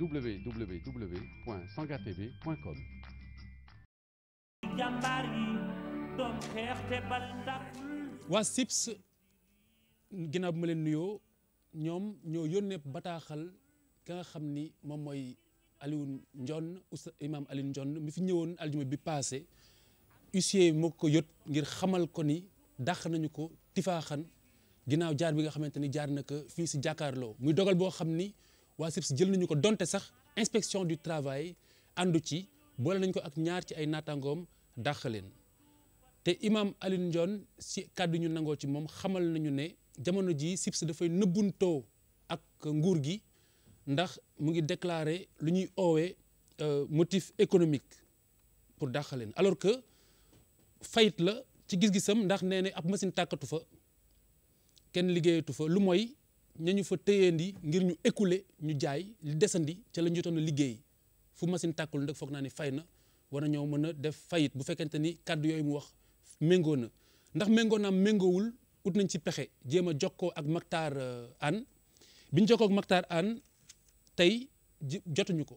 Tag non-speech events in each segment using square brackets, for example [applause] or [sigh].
www.sangatv.com waa SIPS ginnaaw bi ma leen nuyoo ñoom ñoo yónnee bataaxal ka nga xam ni moom mooy Alioune Ndione oustaz imam Alioune Ndione mi fi ñëwoon aljuma bi paase huissier moo ko yot ngir xamal ko ni dàq nañu ko tifaaxan ginnaaw jaar bi nga xamante ni jaar na ko fii si jàkkaarloo muy dogal boo xam ni waa SIRS jël nañu ko donte sax inspection du travail àndu ci boole nañ ko ak ñaar ci ay naataangoom dàq leen te imam Alioune Ndione si kàddu ñu nangoo ci moom xamal nañu ne jamono jii SIRS dafay nëbbuntoo ak nguur gi ndax mu ngi déclaré lu ñuy oowee euh, motif économique pour dàq leen alors que fayit la ci gis-gisam ndax nee na ab machine tàkkatu fa kenn liggéeyatu fa lu mooy ñañu fa téyendi ngir ñu écouler ñu jaay li desandi ca la ñu jotoon a liggéey fu machine tàkkul nag foog naa ne fay na war na ñoo mën a def fayit bu fekkente ni kàddu yooyu mu wax méngoo na ndax méngoo naam méngoowul ut nañ ci pexe jéem a jokkoo ak Mactar euh, Anne bi ñu jokkoo ak tey jotuñu ko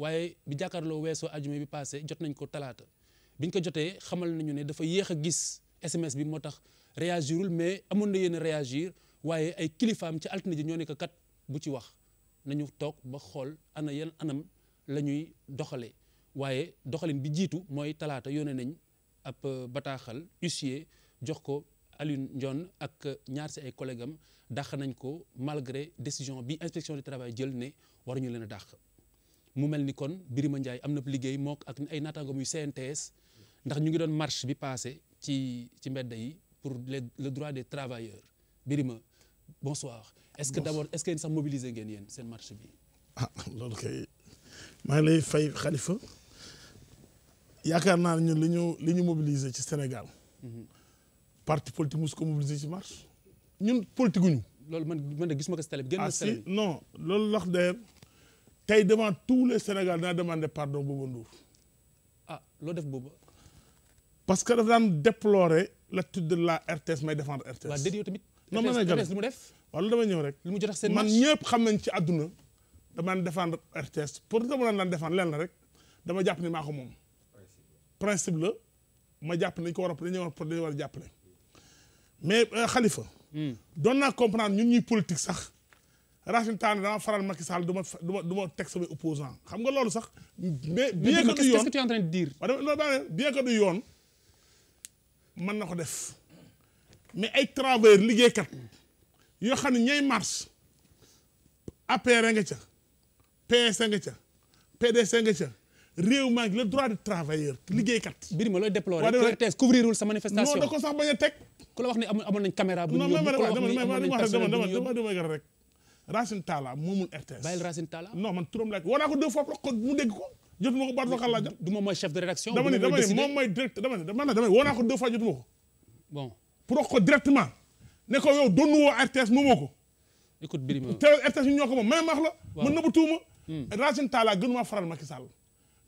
waaye bi jàkkaarloo weesoo ajuma bi passé jot nañ ko talaata bi ñu ko jotee xamal nañu ne dafa yéex a gis SMS bi moo tax réagirul mais amoon na yéen a réagir waaye ay kilifaam ci altine ji ñoo nekk kat bu ci wax nañu toog ba xool ana yan anam la ñuy doxalee waaye doxalin bi jiitu mooy talaata yoone nañ ab euh, bataaxal huissier jox ko Alioune Ndione ak ñaar si ay collègue am dàq nañ ko malgré décision bi inspection du travail jël ne war ñu leen a dàq mu mel ni kon Birima Ndiaye am na liggéey mook ak ay naataangoom yu CNTS ndax ñu ngi doon marche bi passé ci ci mbedd yi pour le droit des travailleurs Birima bonsoir est-ce que d'abord est-ce que yéen sax mobiliser ngeen yéen seen marche bi. ah loolu kay maa ngi lay fay Khalifa yaakaar naa ne ñun li li ñu mobiliser ci Sénégal. Mhm. parti politique mos ko mobiliser ci marche. ñun politique gu ñu. loolu man man de gis ko si télé bi. Ah, si non loolu lax d'ailleurs tey devant tous les Sénégal dinaa demander pardon Bouba Ndour. ah loo def boobu. parce que daf daan déplorer l'attitude de la RTS may défendre RTS. waaw déedéet yow non man ay jàll mu def waaw lu dama ñëw rek lu mu jot a man ñëpp xam nañ ci àdduna damaan défendre RTS pour dama daan daan leen la rek dama jàpp ni maa ko moom principe la ma jàpp nañ ko war a dañu war dañu war jàppale mais euh, Khalifa hmm. doon naa comprendre ñun ñuy politique sax Racine Tane dama faral Macky Sall du ma du ma du teg samay opposant xam nga loolu sax mais bien que du yoon qu'est-ce que tu es en train de dire na ko def mais ay liggéey kat yoo xam ne ñooy mars APR nga ca PS nga ca PDS nga ca réew maa ngi le droit de travailleur liggéeykat. mbir ma looy déplorer. waaw dama RTS couvrirul sa manifestation. non da ko sax bañ a teg. ku la wax ne Racine Talla moomul RTS. bàyyil Racine Tala. non man turam laaj war ko deux fois mu dégg ko. jotuma ko baat waxal laa jot. du moom mooy chef de rédaction. dama ni dama ni moom mooy directeur dama ni dama ni woo ko deux pour wax directement ne ko yow doon woo RTS moomoo ko. écoute Birima te RTS ñoo ko moom même wax la. mën na bu tuuma. Hmm. Racine Talla gënuma faral Macky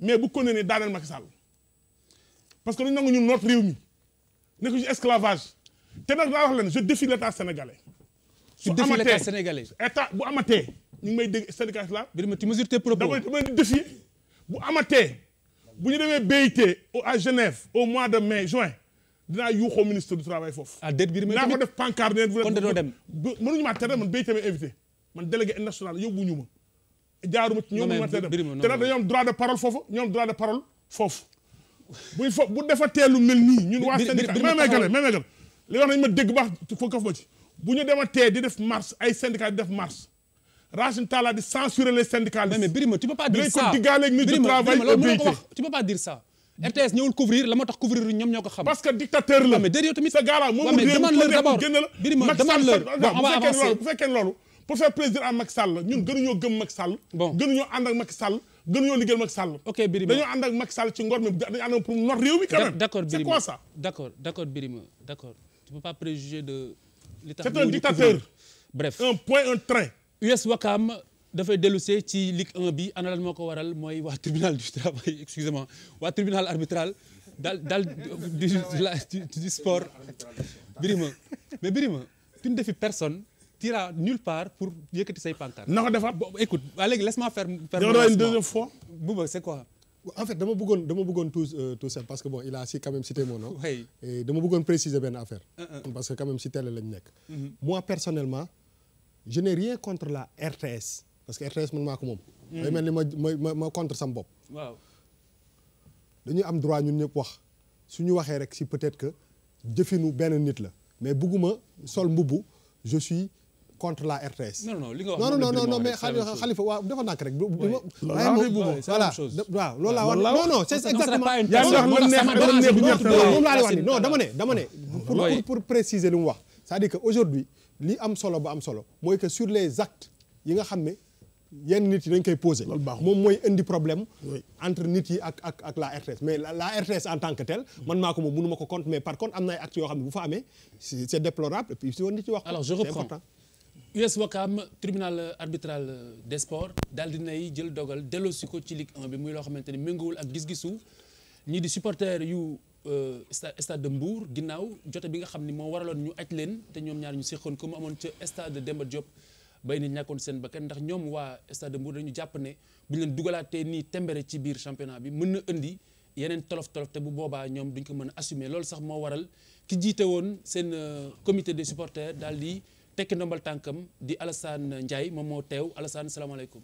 mais bu ko nee daaneel Macky parce que dañu nangu ñun notre réew mi nekk ci esclavage te nag daa wax leen je défie l' état sénégalais. su défie l' état bu amatee ñu ngi may dégg syndicat la. Birima tu mesures tes propos damay damay défier bu amatee bu ñu demee BIT au à Genève au mois de mai juin. dinaa yuuxoo ministre du travail foofu. ah déet biir mais dinaa ko def pancarte ne bu dee. doo mënuñu maa tere man BTM invité man délégué national yóbbuñu ma. jaaruma ñoom ma tere te bu defa teelu mel nii. ñun waa syndicat bi ma dégg baax foo kaf bu ñu dema tee di def marche ay syndicat di def marche. Racine Talla di censurer les syndicalistes. mais Birima tu peux pas dire ça dinañ ko ministre du travail. tu peux pas RTS ñëwul couvrir la ma tax couvrir ñoom ñoo ko xam. parce que dictateur la mais déedéet tamit. sa gala moom mu réew mu d'abord Birima demande leur on va avancer bu pour faire plaisir à Macky Sall ñun gënuñoo gëm Macky Sall. bon gënuñoo ànd ak Macky Sall. gënuñoo liggéeyal Macky Sall. ok Birima dañoo ànd ak Macky Sall ci ngor mi dañu ànd pour noot réew mi. quand d'accord Birima d'accord d'accord peux pas préjuger de. li tax dictateur. bref un point dafay dellu see ci Ligue 1 bi ana lan moo ko waral mooy waa tribunal du travail excusez waa tribunal arbitral daal daal du du sport Birima mais Birima ma ne défies personne t'iras nulle part pour yëkkati say pancarte. na ko defaat boobu écoute waa léegi laisse-moi faire. faire une deuxième fois. Bouba c'est quoi. en dama bëggoon dama bëggoon tout euh, tout parce que bon il a si quand même cité mon nom. dama bëggoon préciser benn affaire. parce que quand même si télé lañ nekk. Mm-hmm. moi personnellement je n'ai rien contre la RTS. parce que RTS man maa ko moom. Hmm. mel ni ma ma ma contre sam bopp. dañuy am droit ñun ñëpp wax suñu waxee rek si peut-être que jëfinu benn nit la mais bugguma sol mbubbu je suis. contre la RTS. non non li nga wax non non non mais Khalifa waaw dafa nàkk laa wax non non laa wax ni non dama ne dama ne. pour pour préciser li mu wax. cest di dire que aujourd'hui li am solo ba am solo mooy que sur les actes yi nga xam ne. yenn nit yi dañ koy posé loolu baax moom mooy indi problème entre nit yi ak ak ak la RTS mais la RTS en tant que telle mm. man maa ko moom mënu ma ko compte par contre am na ay actes yoo xam ne bu fa amee c'est déplorable et puis si euh, jël dogal delloosi ko ci Ligue 1 bi muy loo xamante ni méngoowul ak gis-gisu ñii di supporters yu euh, stade de Mbour ginnaaw jote bi nga xam ne moo waraloon ñu aj leen te ñoom ñaar ñu séqoon ko mu amoon ca stade Demba Diop bay nit ñàkkoon seen bakkan ndax ñoom waa Stade de Mbour dañu jàpp ne bu ñu leen dugalaatee nii tembere ci biir championnat bi mën na indi yeneen tolof tolof te bu boobaa ñoom duñ ko mën a assumer loolu sax moo waral ki jiite woon seen euh, comité des supporters daal di tekki ndombal tànkam di Alassane Ndiaye moom moo teew Alassane salaamaaleykum.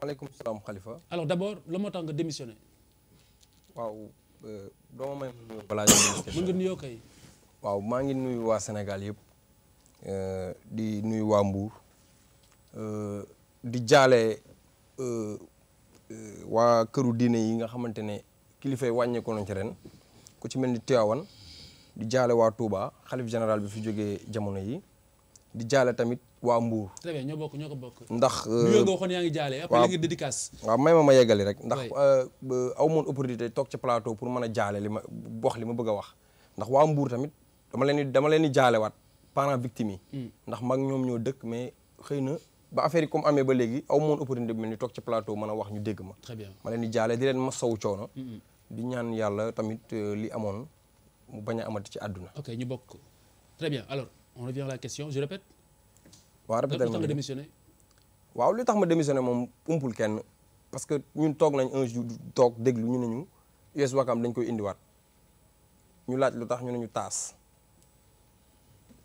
maaleykum salaam Khalifa. alors d' abord la moo tax nga démissionné. waaw euh, doo ma may. balaa ñu nuyoo kay. waaw maa ngi nuyu waa senegal yëpp euh, di nuyu waa mbuur Euh, di jaale euh, euh, waa këru diine yi nga xamante ne kilifay wàññeeku nañ ci ren ku ci mel ni Tivaouane di jaale waa Touba xalif général bi fi jógee jamono yi di jaale tamit waa Mbour. très bien ñoo bokk ko bokk. ndax nuyoo nga waxoon yaa ngi jaale. après la ngi dédicace. ma ma rek. ndax aw moon opportunité toog ci plateau pour mën a jaale li ma wax li ma bëgg a wax ndax waa mbuur tamit dama leen di dama leen di jaalewaat parents victimes yi. Hmm. ndax mag ñoom ñoo dëkk mais xëy na. ba affaire yi comme amee ba léegi aw moon opportunité bi mel ni toog ci plateau mën a wax ñu dégg ma très bien ma leen di jaale di leen ma saw coono di ñaan yàlla tamit euh, li amoon mu bañ a amati ci àdduna ok ñu bokk très alors on revient la question je répète waaw répété nga démissionné waaw li tax ma démissionné moom umpul kenn parce que ñun toog nañ un jour toog déglu ñu ne ñu US Ouakam dañ koy indiwaat ñu laaj lu tax ñu ne ñu taas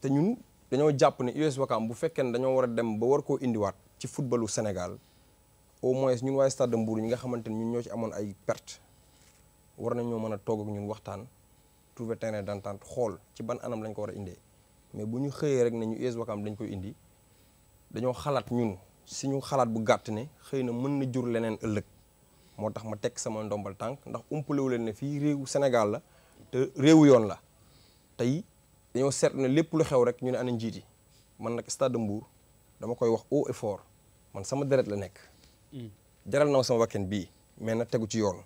te ñun dañoo jàpp ne US Ouakam bu fekkee ne dañoo war a dem ba war koo indiwaat ci footballu Sénégal au moins ñun waaye Stade de Mbour ñi nga xamante ne ñun ñoo ci amoon ay perte war ñoo mën a toog ak ñun waxtaan trouver terrain d'entente xool ci ban anam lañ ko war a indee mais bu ñu xëyee rek na ñu US Ouakam dañ koy indi dañoo xalaat ñun suñu xalaat bu gàtt ne xëy na mën na jur leneen ëllëg moo tax ma teg sama ndombal tànk ndax umpalewu leen ne fii réewu Sénégal te réewu yoon la tey dañoo seet na lépp lu xew rek ñu ne ana njiit man nag stade de Mbour dama koy wax haut et man sama deret la nekk. Hmm. jaral na ma sama wakken bii mais na tegu ci yoon.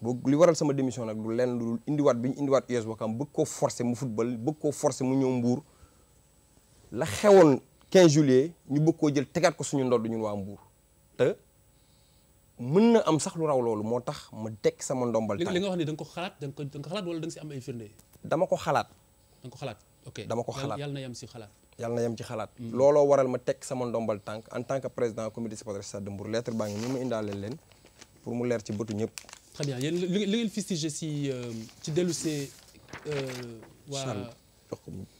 boo li waral sama démission nag du lenn lu indiwaat bi ñu indiwaat US Ouakam bëgg koo forcer mu football bëgg koo forcer mu ñëw mbuur la xewoon 15 juillet ñu bëgg koo jël tegaat ko suñu ndodd ñun waa Mbour te. mën na am sax lu raw loolu moo tax ma teg sama ndombal. tànk li nga wax ni da ko xalaat da ko da nga ko xalaat dama ko xalaat. dama xalaat ok dama ko xalaat yàlla na yem si xalaat. yàlla na yem ci xalaat. Mm. looloo waral ma teg sama ndombal tànk en tant que président comité supporters Stade de Mbour lettre baa ngi ni mu indaale leen mu leer ci bëtu ñëpp. très bien yéen li ngeen fustigé si euh, ci dellu see. Euh,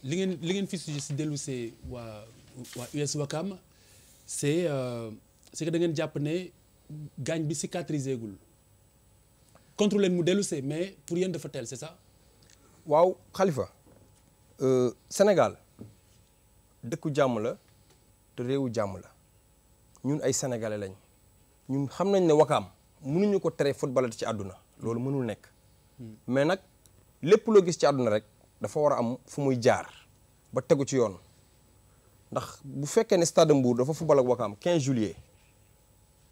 li ngeen li ngeen fustigé si dellu see waa waa US Wakam c' est euh, da ngeen jàpp ne gaañ bi cicatrisé gul contre leen mu dellu see mais pour yéen dafa teel c' est ça. waaw Khalifa euh, Sénégal dëkku jàmm la te réewu jàmm la ñun ay sénégalais lañ ñun xam nañ ne wakaam mënuñu ko tere footballati ci àdduna loolu mënul nekk mais nag lépp loo gis ci àdduna rek dafa war a am fu muy jaar ba tegu ci yoon ndax bu fekkee ne Stade mbuur dafa football ak wakaam 15 juillet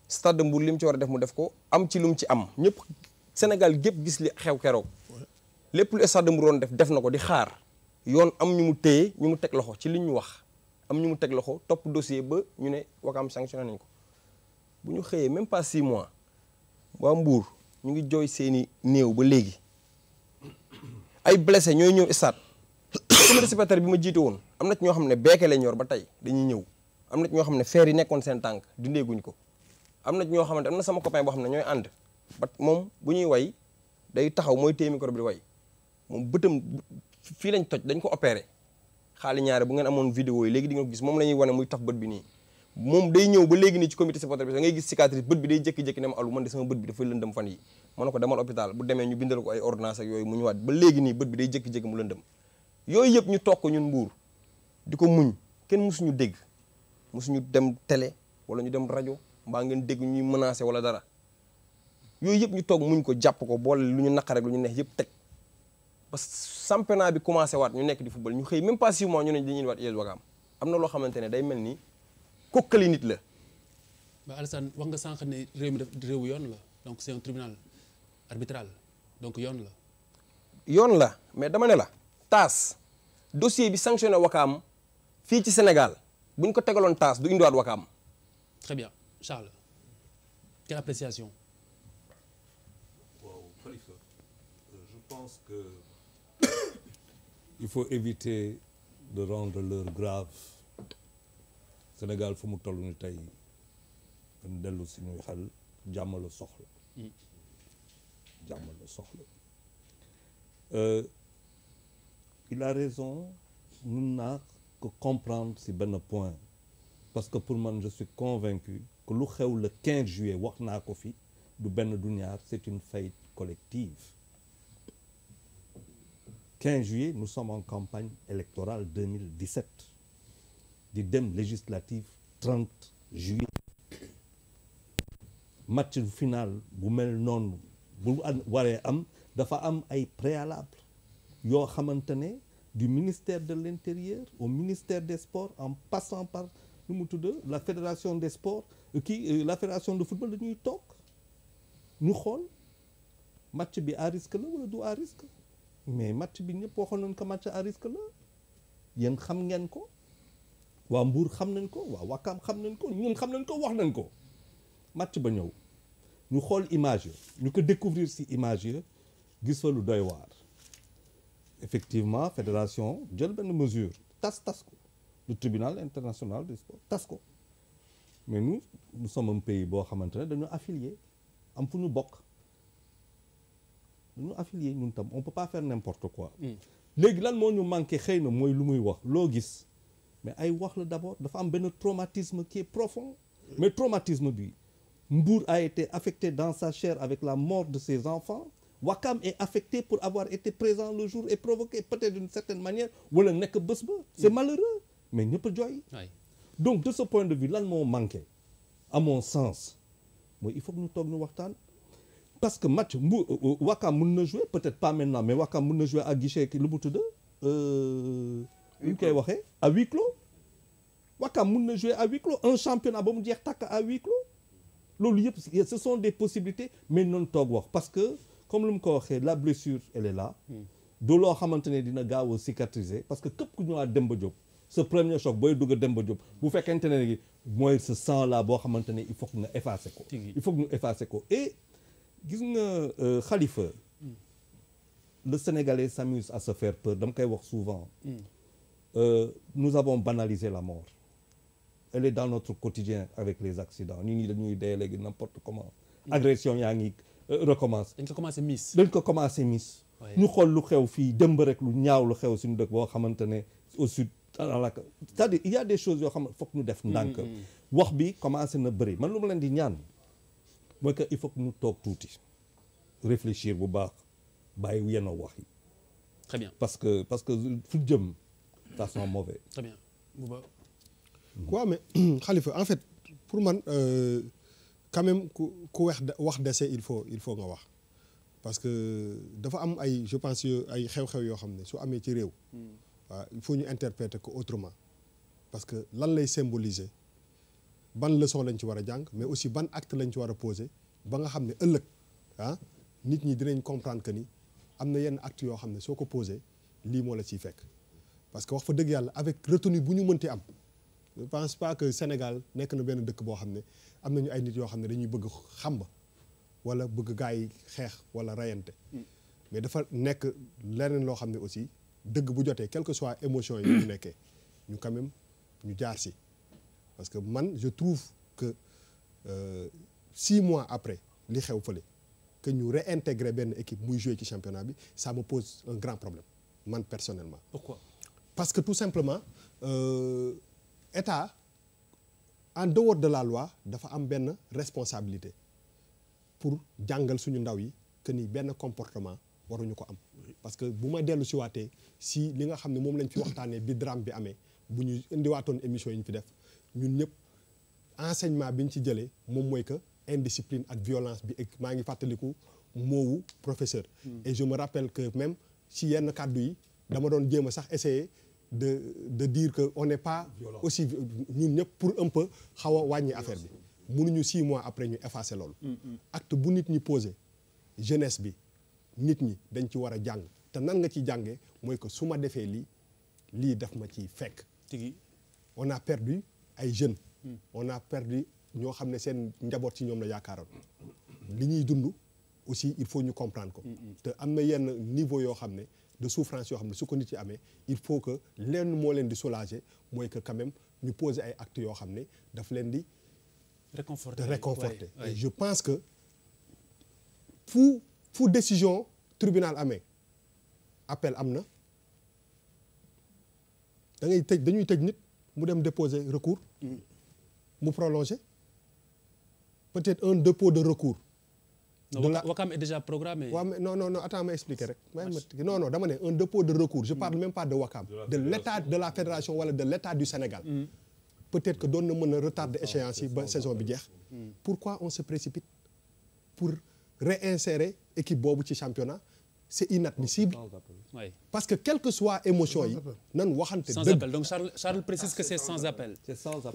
Stade mbuur li mu ci war a def mu def ko am ci lu mu ci am ñëpp Sénégal gépp gis li xew keroog lépp lu stade mu doon def def na ko di xaar yoon am ñu mu téye ñu mu teg loxo ci li ñu wax am ñu mu teg loxo topp dossier ba ñu ne Wakaam sanctionné nañ ko bu ñu xëyee même pas si mois waa mbuur ñu ngi jooy seeni néew ba léegi ay blesse ñooy ñëw stade comité supporter bi ma jiite woon am na ñoo xam ne beeke lañ ba tey dañuy ñëw am na ñoo xam ne feer yi nekkoon seen tànk dindeeguñ ko am na ci ñoo xamante am na sama copain boo xam ne ñooy ànd ba moom bu ñuy way day taxaw mooy téye micro bi moom bëtam fii lañ toj dañ ko opéré xaali ñaare bu ngeen amoon vidéo yi léegi di nga ko gis moom la ñuy wane muy taf bët bi nii moom day ñëw ba léegi nii ci comité supporter bi a ngay gis cicatrice bët bi day jékki-jékki ne ma alu man de sama bët bi dafay lëndëm fan yi ma ne ko bu demee ñu bindal ko ay ordonnance ak yooyu mu ñëwaat ba léegi nii bët bi day jékki-jékki mu lëndëm yooyu yëpp ñu toog ko ñun mbuur di ko muñ kenn musuñu dégg musuñu dem tele wala ñu dem rajo mbaa ngeen dégg ñuy menacé wala dara yooyu yëpp ñu toog muñ ko jàpp ko boole lu ñu naqar ñu neex yëpp teg ba championnat bi commencé waat ñu nekk di football ñu xëy même pas six ñu ne dañuy waat yéen wakaam am na loo xamante ne day mel ni kokkali nit la. ba Alassane wax nga sànq ne réew mi daf réewu yoon la donc c'est un tribunal donc yoon la. yoon la mais dama ne la. taas dossier bi sanctionné wakaam fii ci Sénégal bu ñu ko tegaloon taas du indiwaat wakaam. très bien Charles quelle appréciation. Euh, il faut éviter de rendre leur grave Sénégal fu mu toll nu tey dañ dellu suñuy xel jàmm la soxla hmm. jàmm la soxla euh, il a raison nun naa ko comprendre si benn point parce que pour man je suis convaincu que lu xew le 15 juillet wax naa ko fi du benn du ñaar c'est une faillite collective 15 juillet nous sommes en campagne électorale 2017 di dem législatif 30 juillet match final bu mel noonu bu waree am dafa am ay préalable yoo xamante ne du ministère de l'intérieur au ministère de sports en passant par lu mu tudd la fédération des sports kii euh, euh, la fédération de football dañuy toog ñu xool match bi à risque la wala du à risque mais match bi ñëpp waxoon nañ ko match à risque la yéen xam ngeen ko waa Mbour xam nañ ko waa Wakaam xam nañ ko ñun xam nañ ko wax nañ ko match ba ñëw ñu xool image ya ñu ko découvrir si image ya gis fa lu doy waar effectivement fédération jël benn mesure tas tas ko le tribunal international du sport tas ko mais nous nous sommes boo xamante ne dañu affilié am fu ñu bokk ñu affilié ñun tam on peut pas faire n'importe quoi hmm. léegi lan moo ñu manqué xëy na mooy lu muy wax loo gis mais ay wax la d'abord dafa am benn traumatisme qui est profond mais traumatisme bi Mbour a été affecté dans sa chair avec la mort de ses enfants Wakam est affecté pour avoir été présent le jour et provoqué peut-être d'une certaine manière wala nekk bés ba c'est hmm. malheureux mais ñëpp a jooy donc de ce point de vue lan moo manqué à mon sens mooy il faut ñu toog ñu waxtaan parce que match mbu euh, euh, Wakam mun na jouer peut-être pas maintenant mais Wakam mën na jouer à guichet lu mu tudd. Euh, ñu koy waxee à huis clos. mun mën na jouer à huis un championnat ba mu jeex takk à huis clos. loolu yëpp ce sont des possibilités mais noonu toog wax parce que comme lu mu ko waxee la blessure elle est là. Hmm. loo xamante ne dina gaaw a cicatriser parce que képp ku dem ba Diop. ce premier choc booy dugg Demba Diop bu fekkente ne mooy ce sang là boo xamante ne il faut que nga effacer ko. il faut ko gis nga euh, Khalifa mm. le Sénégalais s'amuse à se faire peur dama koy wax souvent mm. euh, nous avons banalisé la mort elle est dans notre quotidien avec les accidents ñu ñi dañuy dee léegi n'importe comment mm. agression yaa ngi euh, recommence dañ ko commencé miss dañ commencé miss ñu xool lu xew fii démb rek lu ñaaw lu xew suñu dëkk boo xamante ne au sud alak cest il y a des choses yoo xam ne foog ñu def ndànk wax bi commencé na bëri man lu ma leen di ñaan mooy que il faut que ñu toog tuuti réfléchir bu baax bàyyi yenn wax yi. très parce que parce que fu jëm ça sent mauvais. très bien Bouba. waaw mais [clears throat] en fait pour man euh, quand même ku ku wax wax dese il faut il faut nga wax parce que dafa am ay je pense ay xew-xew yoo xam ne su amee ci réew. Hmm. waaw il faut ñu interpréter ko autrement parce que lan lay symboliser. ban leçon lañ ci war a jàng mais aussi ban acte lañ ci war a poser ba nga xam ne ëllëg ah nit ñi dinañ comprendre que ni am na yenn acte yoo xam ne soo ko posé lii moo la ciy fekk parce que wax fa dëgg yàlla avec retenue bu ñu mënti am je pense pas que Sénégal nekk na benn dëkk boo xam ne am nañu ay nit yoo xam ne dañuy bëgg xàmb wala bëgg gars yi xeex wala rayante mais dafa nekk leneen loo xam ne aussi dëgg bu jotee quelle que soit émotion yi ñu nekkee ñu quand même ñu jaar si parce que man je trouve que euh, six mois après li xew fële que ñu réintégrer benn équipe muy jouer ci championnat bi ça me pose un grand problème man personnellement. pourquoi parce que tout simplement euh, état en dehors de la loi dafa am benn responsabilité pour jàngal suñu ndaw yi que ni benn comportement waruñu ko am. parce que bu ma dellu si waatee si li nga xam ne moom lañ fi waxtaanee bi drame bi amee bu ñu indiwaatoon émission yi ñu fi def. ñun ñëpp enseignement bi ñu ci jëlee moom mooy que indiscipline ak violence bi ak maa ngi fàttaliku moowu professeur. Hmm. et je me rappelle que même si yenn kàddu yi dama doon jéem a sax essayer de de dire que on pa pas. aussi ñun ñëpp pour un peu xaw a wàññi affaire bi. mënuñu six mois après ñu effacer loolu. Hmm, hmm. acte bu nit ñi posé jeunesse bi nit ñi dañ ci war a jàng te nan nga ci jàngee mooy que su ma defee lii lii daf ma ci fekk. on a perdu. ay jeunes. on a perdu ñoo xam ne seen njaboot ci ñoom la yaakaaroon. li ñuy dund aussi il faut ñu comprendre ko. te am na yenn niveau yoo xam ne de souffrance yoo xam ne su ko nit yi amee il faut que lenn moo leen di soulager mooy que quand même ñu poser ay actes yoo xam ne daf leen di. réconforter réconforter et je pense que fu fu décision tribunal amee appel am na da ngay tëj dañuy tëj nit. mu dem déposer recours mu prolonger peut-être un dépôt de recours non, de la Wakam est déjà programmé. Ouais, mais non, non, non, attends, m'expliquer. Non, non, demain, un dépôt de recours. Je ne parle mm. même pas de Wakam. De l'État de, la Fédération ou de l'État du Sénégal. Mm. Peut-être que donne un retard d'échéance ah, la saison bi jeex mm. Pourquoi on se précipite pour réinsérer l'équipe Bobo au championnat c'est inadmissible parce que quelle que soit émotion yi nan waxante dëgg sans appel donc Charles Charles précise que c'est sans appel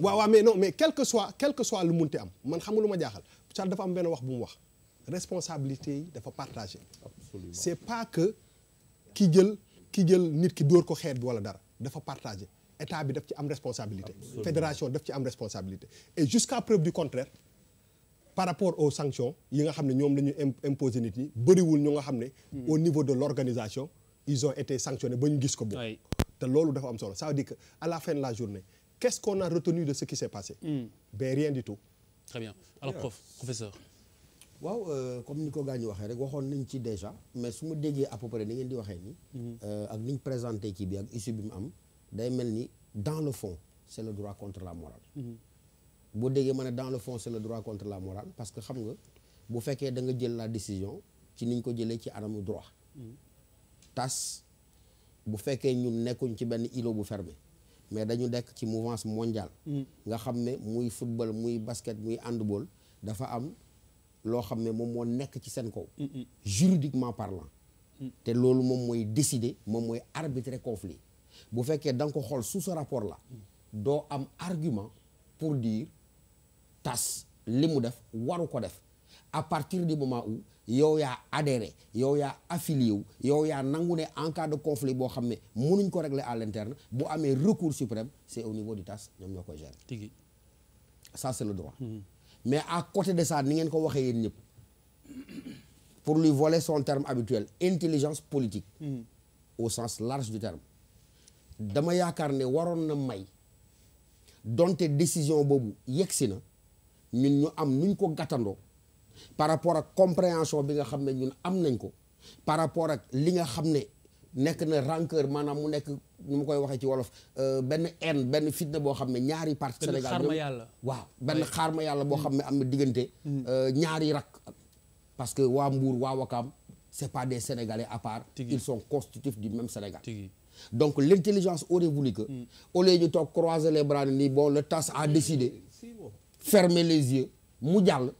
waaw waaw mais non mais quel soit quel soit lu munte am man xam nga lu ma jaaxal Charles dafa am benn wax bu mu wax responsabilité yi dafa partagé c'est pas que ki jël ki jël nit ki dóor ko xeet wala dara dafa partagé état bi def ci am responsabilité fédération def ci am responsabilité et jusqu'à preuve du contraire par rapport au sanctions yi nga xam ne ñoom la ñu imposer nit ñi bëriwul ñu nga xam ne hmm. au niveau de l'organisation ils ont été sanctionnés ba ñu gis ko boobu te loolu dafa am solo ça veut dire que à la fin la journée qu'est-ce qu'on a retenu de ce qui s'est passé mm. ben rien du tout très waaw euh, comme ni ko gaa ñi waxee rek waxoon nañ ci déjà mais su ma déggee à peu ni ngeen di waxee nii hmm. euh, ak niñ présenté kii bi ak issue bi mu am day mel ni dans le fond c'est le la morale hmm. boo déggee ma ne dans le fond c'est le droit contre la morale parce que xam nga bu fekkee da nga jël la décision ci niñ ko jëlee ci anamu droit mm. tas bu fekkee ñun nekkuñ ci benn ilo bu ferme mais dañu dekk ci mouvance mondiale mm. nga xam ne muy football muy basket muy handball dafa am loo xam ne moom moo nekk ci seen kaw juridiquement parlant mm. te loolu moom mooy décider moom mooy arbitrer conflit bu fekkee da nga ko xool sous ce rapport la doo am argument pour tas li mu def waru ko def à partir di moment où yow yaa adhéré yow yaa affilié wu yow yaa nangu ne en de conflit boo xam ne mënuñ ko régler à l'interne bu amee recours suprême c'est au niveau du tas ñoom ñoo koy gérer. tigi ça c'est le droit. Hmm. mais à côté de ça ni ngeen ko waxee yéen ñëpp pour lui voler son terme habituel intelligence politique. Mm-hmm. au sens large du terme. dama yaakaar ne waroon na may donte décision boobu si na. ñun ñu am nuñ ko gàttandoo par rapport ak compréhension bi nga xam ne ñun am nañ ko par rapport ak li nga xam ne nekk na rancœur maanaam mu nekk ñu mu koy waxee ci wolof euh, benn haine benn fitna boo xam ne ñaari parti Sénégal waaw benn xaar ma yàlla boo xam ne am na diggante mm. euh, ñaari rak parce que waa Mbour waa Wakaam c'est pas des Sénégalais à part ils sont constitutifs du même Sénégal donc l'intelligence aurait voulu que mm. au ñu toog croiser les bras nii bon le TAS a décidé fermer les yeux mu jàll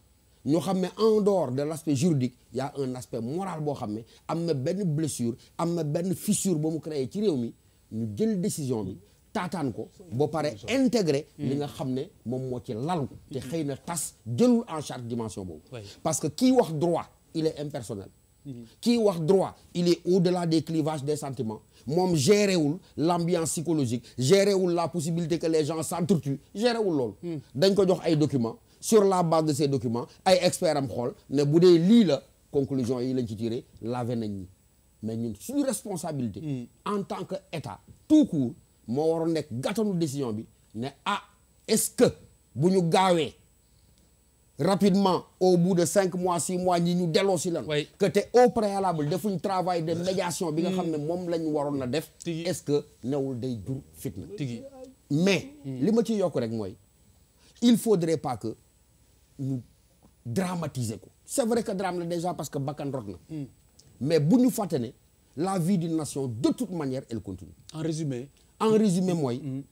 ñu xam ne en dehors de l' aspect juridique y' a un aspect moral boo xam ne am na benn blessure am na benn fissure ba mu créé ci réew mi ñu jël décision bi taataan ko ba pare intégré li nga xam ne moom moo ci lalu te xëy na tas jëlul en charge dimension boobu parce que kii wax droit il est impersonnel kii wax droit il est au-delà des clivages des sentiments moom géréwul l'ambiance psychologique géréwul la possibilité que les gens s'entretuent géréwul loolu dañ ko jox ay documents sur la base de ces documents ay experts am xool ne bu dee lii la conclusion yi lañ ci tiré lavé nañ ñi mais ñun suñu responsabilité mm. en tant que état tout court moo waroon nekk gàttanu décision bi ne ah est-ce que bu ñu gaawee rapidement au bout de cinq mois six mois ñi ñu delloo si la lan que te au préalable defuñ travail de médiation bi nga xam ne hmm. moom lañ waroon na def est-ce que newul day jur fitna tigi mais hmm. li ma ci yokk rek mooy il faudrait pas que ñu dramatiser ko c'est vrai que drame la déjà parce que bakkan rot na hmm. mais bu ñu fàtte la vie d'une nation de toute manière elle continue en résumé en résumé mooy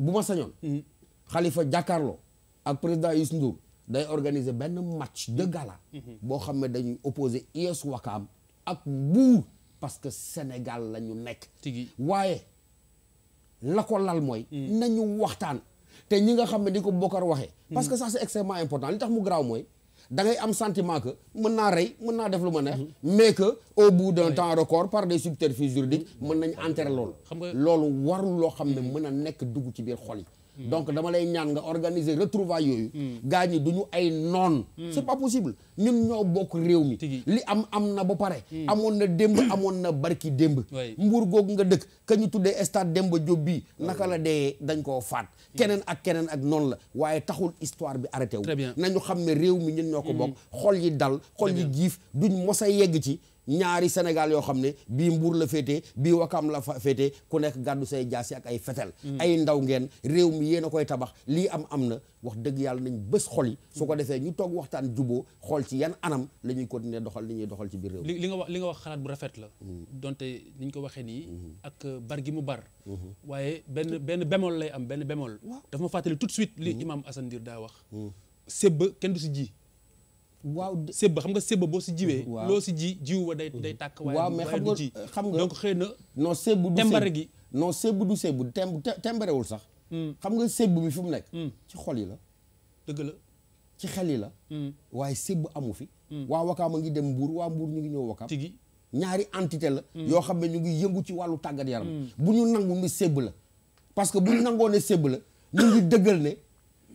bu ma sañoon xalifa jàkkaarloo ak président Youssou Ndour day organiser benn match de gala. boo xam ne dañuy opposer US Wakaam ak Mbour parce que Sénégal la ñu nekk. waaye la ko lal mooy. Mm. nañu waxtaan. te ñi nga xam ne di ko bokkar waxee. Mm. parce que ça c'est extrêmement important li tax mu garaaw mooy. da ngay am sentiment que mën naa rey mën naa def lu ma neex. Mm-hmm. mais que au bout d'un oui. temps record par des subterfuges juridiques mën nañ enterrer loolu. xam nga loolu warul loo xam ne mën a nekk dugg ci biir xol yi. Hmm. donc dama lay ñaan nga organiser retrouvailles yooyu hmm. gaa ñi du ñu ay noon hmm. c'est pas possible ñun ñoo bokk réew mi li am am na ba pare amoon na démb [coughs] amoon na barki démb mbuur googu nga dëkk ka ñu tuddee stade Demba Diop bii naka la dee dañ koo faat keneen ak keneen ak noonu la waaye taxul histoire bi arrêté wu nañu xam ne réew mi ñun ñoo ko bokk xol yi dal xol yi jiif duñ mos a yegg ci ñaari Sénégal yoo xam ne bii Mbuur la féetee bii Wakam la fa féetee ku nekk gàddu say jaasi ak ay fetel mm. ay ndaw ngeen réew mi yéen a koy tabax lii am am na wax dëgg yàlla nañ bés xol yi su ko defee ñu toog waxtaan juboo xol ci yan anam la ñuy continuer doxal li ñuy doxal ci biir réew li nga wax li nga wax xalaat bu rafet la mm. donte ni ñu ko waxee nii mm-hmm. ak euh, bar gi mu bar mm-hmm. waaye benn benn bémol lay am benn bémol dafa ma fàttali tout de suite li mm-hmm. imam Assane daa wax mm. sébb kenn du si ji waaw sëbba xam nga sëbba boo si jiwee loo si ji jiw wa day day tàkk waaw mais xam nga xam nga donc na non sëbb du tembare gi non sëbb du sëbb tem tembarewul sax hmm. xam nga sëbb bi fi mu nekk hmm. ci xol yi la dëgg la ci xel yi la hmm. waaye sëbb amu fi waa wakaam a ngi dem mbuur waa mbuur ñu ngi ñëw wakaam tigi ñaari entité la yoo xam ne ñu ngi yëngu ci wàllu tàggat yaram bu ñu nangu ni sëbb la parce que bu ñu nangoo ne la ñu ngi dëggal ne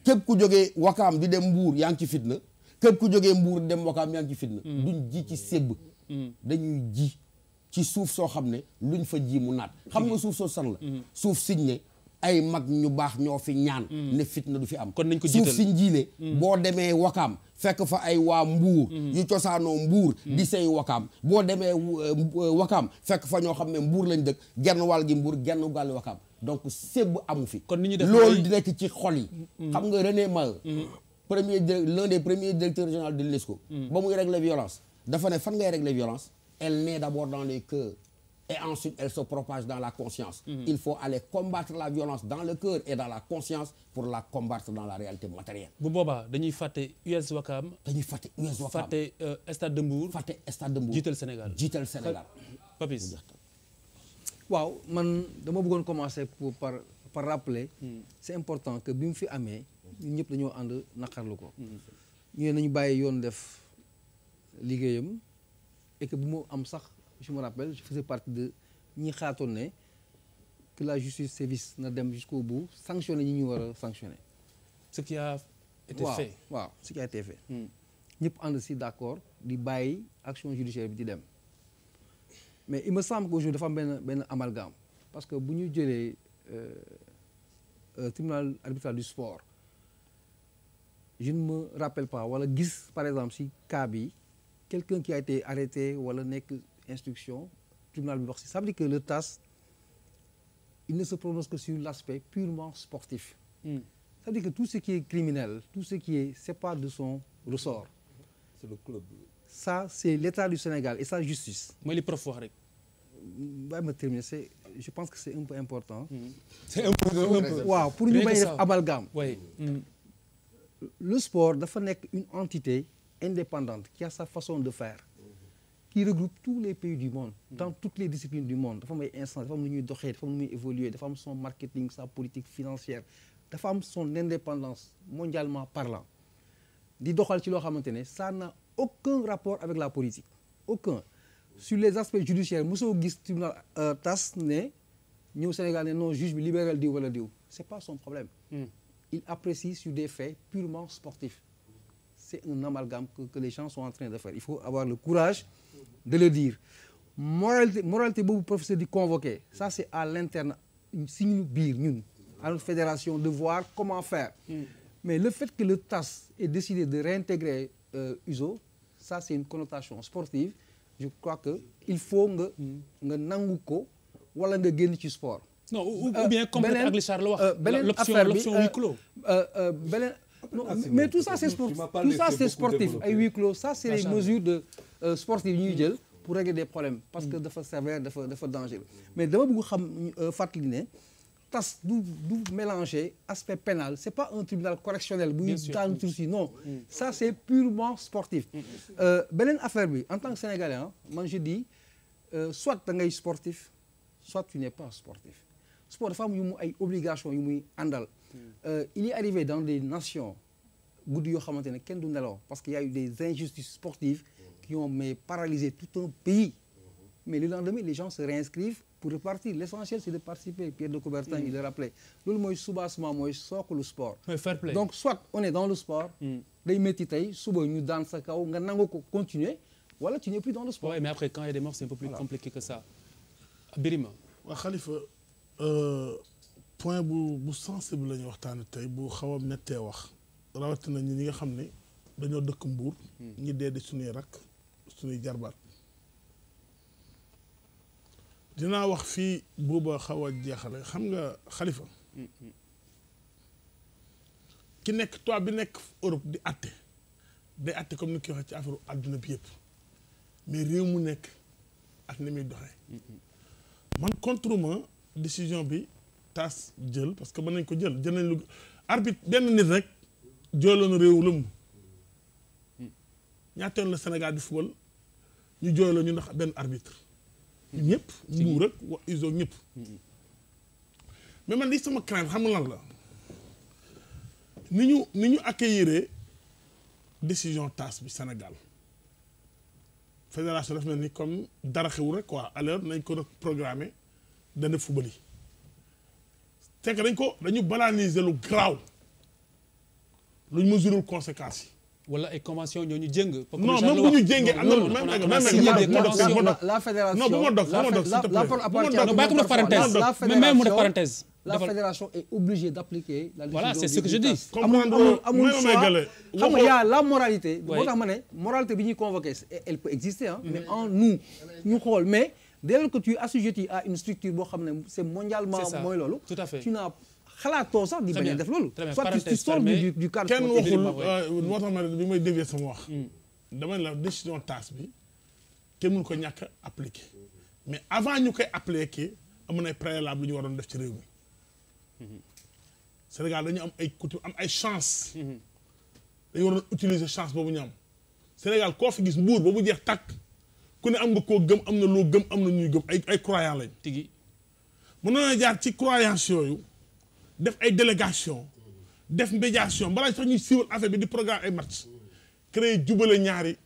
képp ku jógee wakaam bi dem mbuur yaa ngi ci fitna kër ku jógee mbuur dem wakaam yaa ngi ci fitna mm. duñ ji ci sébb mm. dañuy ji ci suuf soo xam ne luñ fa ji mu naat xam nga mm. suuf soo san la suuf siñ ne ay mag ñu baax ñoo fi ñaan ne fitna du fi am kon nañ ko jiital suuf siñ boo demee wakaam fekk fa ay waa mbuur yu cosaanoo mbuur di sey wakaam boo demee euh, euh, wakaam fekk fa ñoo xam ne mbuur lañ dëkk genn wàll gi mbuur genn wàll wakaam donc sébb amu fi kon ni ñu def loolu di nekk ci xol yi xam nga René Mahe premier l'un des premiers directeurs généraux de hmm. ba muy régler violence dafa ne fan ngay régler violence elle naît d'abord dans les cœurs et ensuite elle se propage dans la conscience hmm. il faut aller combattre la violence dans le cœur et dans la conscience pour la combattre dans la réalité matérielle bu boobaa dañuy fàtte US Wakam dañuy fàtte US Wakam fàtte euh, Stade de Mbour fàtte Stade de Mbour jiital Sénégal jiital Sénégal waaw man dama buggoon commencer pour par par rappeler mm. c'est bi mu fi amee ñun ñëpp dañoo ànd naqarlu ko mm-hmm. ñu ne nañu bàyyi yoon def liggéeyam et que mu am sax je me rappelle je faisais partie de ñi xaatoon ne que la justice service na dem jusqu'au bu sanctionné ñi ñu war a sanctionné ce qui a été waaw ce qui a été fait mm. si d'accord di bàyyi action judiciaire bi di dem mais il me semble qu'aujourd'hui dafa am benn benn amalgame parce que bu ñu jëlee euh, euh, tribunal arbitral du sport je ne me rappelle pas wala gis par exemple si cas quelqu'un qui a été arrêté wala nekk instruction tribunal bi wax le TAS il ne se prononce que sur l'aspect purement sportif mm. ça veut dire que tout ce qui est criminel tout ce de son ressort c'est c'est l'État du Sénégal et sa justice mooy li prof je pense que hmm. pour ñu bañ def le sport dafa nekk une entité indépendante qui a sa façon de faire qui regroupe tous les pays du monde dans toutes les disciplines du monde dafa am ay instance dafa am lu ñuy doxee dafa am lu ñuy évoluer dafa am son marketing sa politique financière dafa am son indépendance mondialement parlant di doxal ci loo xamante ne ça n'a aucun rapport avec la politique aucun sur les aspects judiciaires mosoo gis tribunal euh, tas ne ñëw Sénégal ne non juge bi libéral diw wala diw c'est pas son problème hmm. il apprécie sur des faits purement sportifs. C'est un amalgame que, que, les gens sont en train de faire. Il faut avoir le courage de le dire. Moralité, moralité boobu professeur di convoquer ça c'est à l'interne si ñu biir ñun à notre fédération de voir comment faire. Mm. Mais le fait que le TAS ait décidé de réintégrer euh, ça c'est une connotation sportive je crois que il faut nga mm. nga nangu ko wala nga génn ci sport. non euh, bien comme ak li Charles beneen euh, affaire bi l'option huis clos. Euh, beneen ah, mais tout ça c'est sportif ça c'est sportif ay huis clos ça c'est les de sportives yi ñuy jël pour régler des problèmes parce que mm. dafa sévère dafa dafa dangereux mais dama bëgg xam fàttali ne tas du du mélanger aspect pénal c'est pas un tribunal correctionnel buy daan sursis non mm. ça c'est purement sportif mm. beneen affaire bi en tant que sénégalais man je dis soit da ngay sportif soit tu n'es pas sportif sport dafa am yu mu ay obligation yu muy àndal. Euh, il est arrivé dans des nations guddi yoo xamante ne kenn du nelaw parce que y eu des injustices sportives qui ont mais paralysé tout un pays. mais le lendemain les gens se réinscrivent pour repartir l' essentiel c' est de participer Pierre de Coubertin il le rappelait loolu mooy soubassement mooy sooklu sport. mooy fair play donc soit on est dans le sport. Mm. day métti tey suba ñu daan sa kaw nga nangoo ko continuer wala tu n'es plus dans le a des morts c'est un Euh, point bu bu sensible la waxtaan tey bu xaw a mettee wax rawatina ñi nga xam ne dañoo dëkk mbuur hmm. ñi dee di suñuy rakk suñuy jarbaat dinaa wax fii buuba xaw a jeexale xam nga xalifa hmm, hmm. ki nekk toi bi nekk Europe di atte day atte comme ni ki waxee ci affaire àdduna bi yëpp mais réew mu nekk ak ni muy doxee man contre ma décision bi taas jël parce que mën nañ ko jël jël nañ lu arbitre benn nit rek jooyloon réew lëmm ñaata yoon la Sénégal di football ñu jooyloo ñu ndax benn arbitre ñu ñëpp mbuur rek wa iso ñëpp mais man li sama crainte xam lan la ni ñu ni ñu accueillir décision TAS bi Sénégal fédération def na ni comme dara xewul rek quoi alors nañ ko programmer dana fubal yi c'est que ko dañu banaliser lu graaw lu mesurul conséquences yi. wala ay convention ñoo ñu jëng. non même bu ñu jëngee am na même nag la fédération non bu ma dox bu ma dox la fédération est obligée d'appliquer la voilà c'est ce que je dis amul amul choix xam a la moralité moo tax ma ne bi ñuy convoqué elle peut exister ah mais en nous ñu xool mais dès lors que tu es à une boo xam ne c'est mondialement mooy loolu tout à fait tu n'as xalaatoo sax di bañ a def loolu soit tu sors du du cadre kenn waxul euh, moo tax ma bi may dévier hmm. dama la décision taas bi kenn mënu ko ñàkk appliqué mais avant ñu koy appliqué amoon ay préalable lu ñu waroon def ci réew mi hmm. Sénégal dañu am ay coutume am ay chance hmm. dañu waroon utiliser chance boobu ñu am Sénégal koo fi gis mbuur boobu jeex tàkk ku ne am nga koo gëm am na loo gëm am na ñuy gëm ay ay croyant lañ tigi mën na jaar ci croyance yu def ay délégation def médiation balaa sax ñuy siiwal affaire bi di programme ay match créer jubale ñaari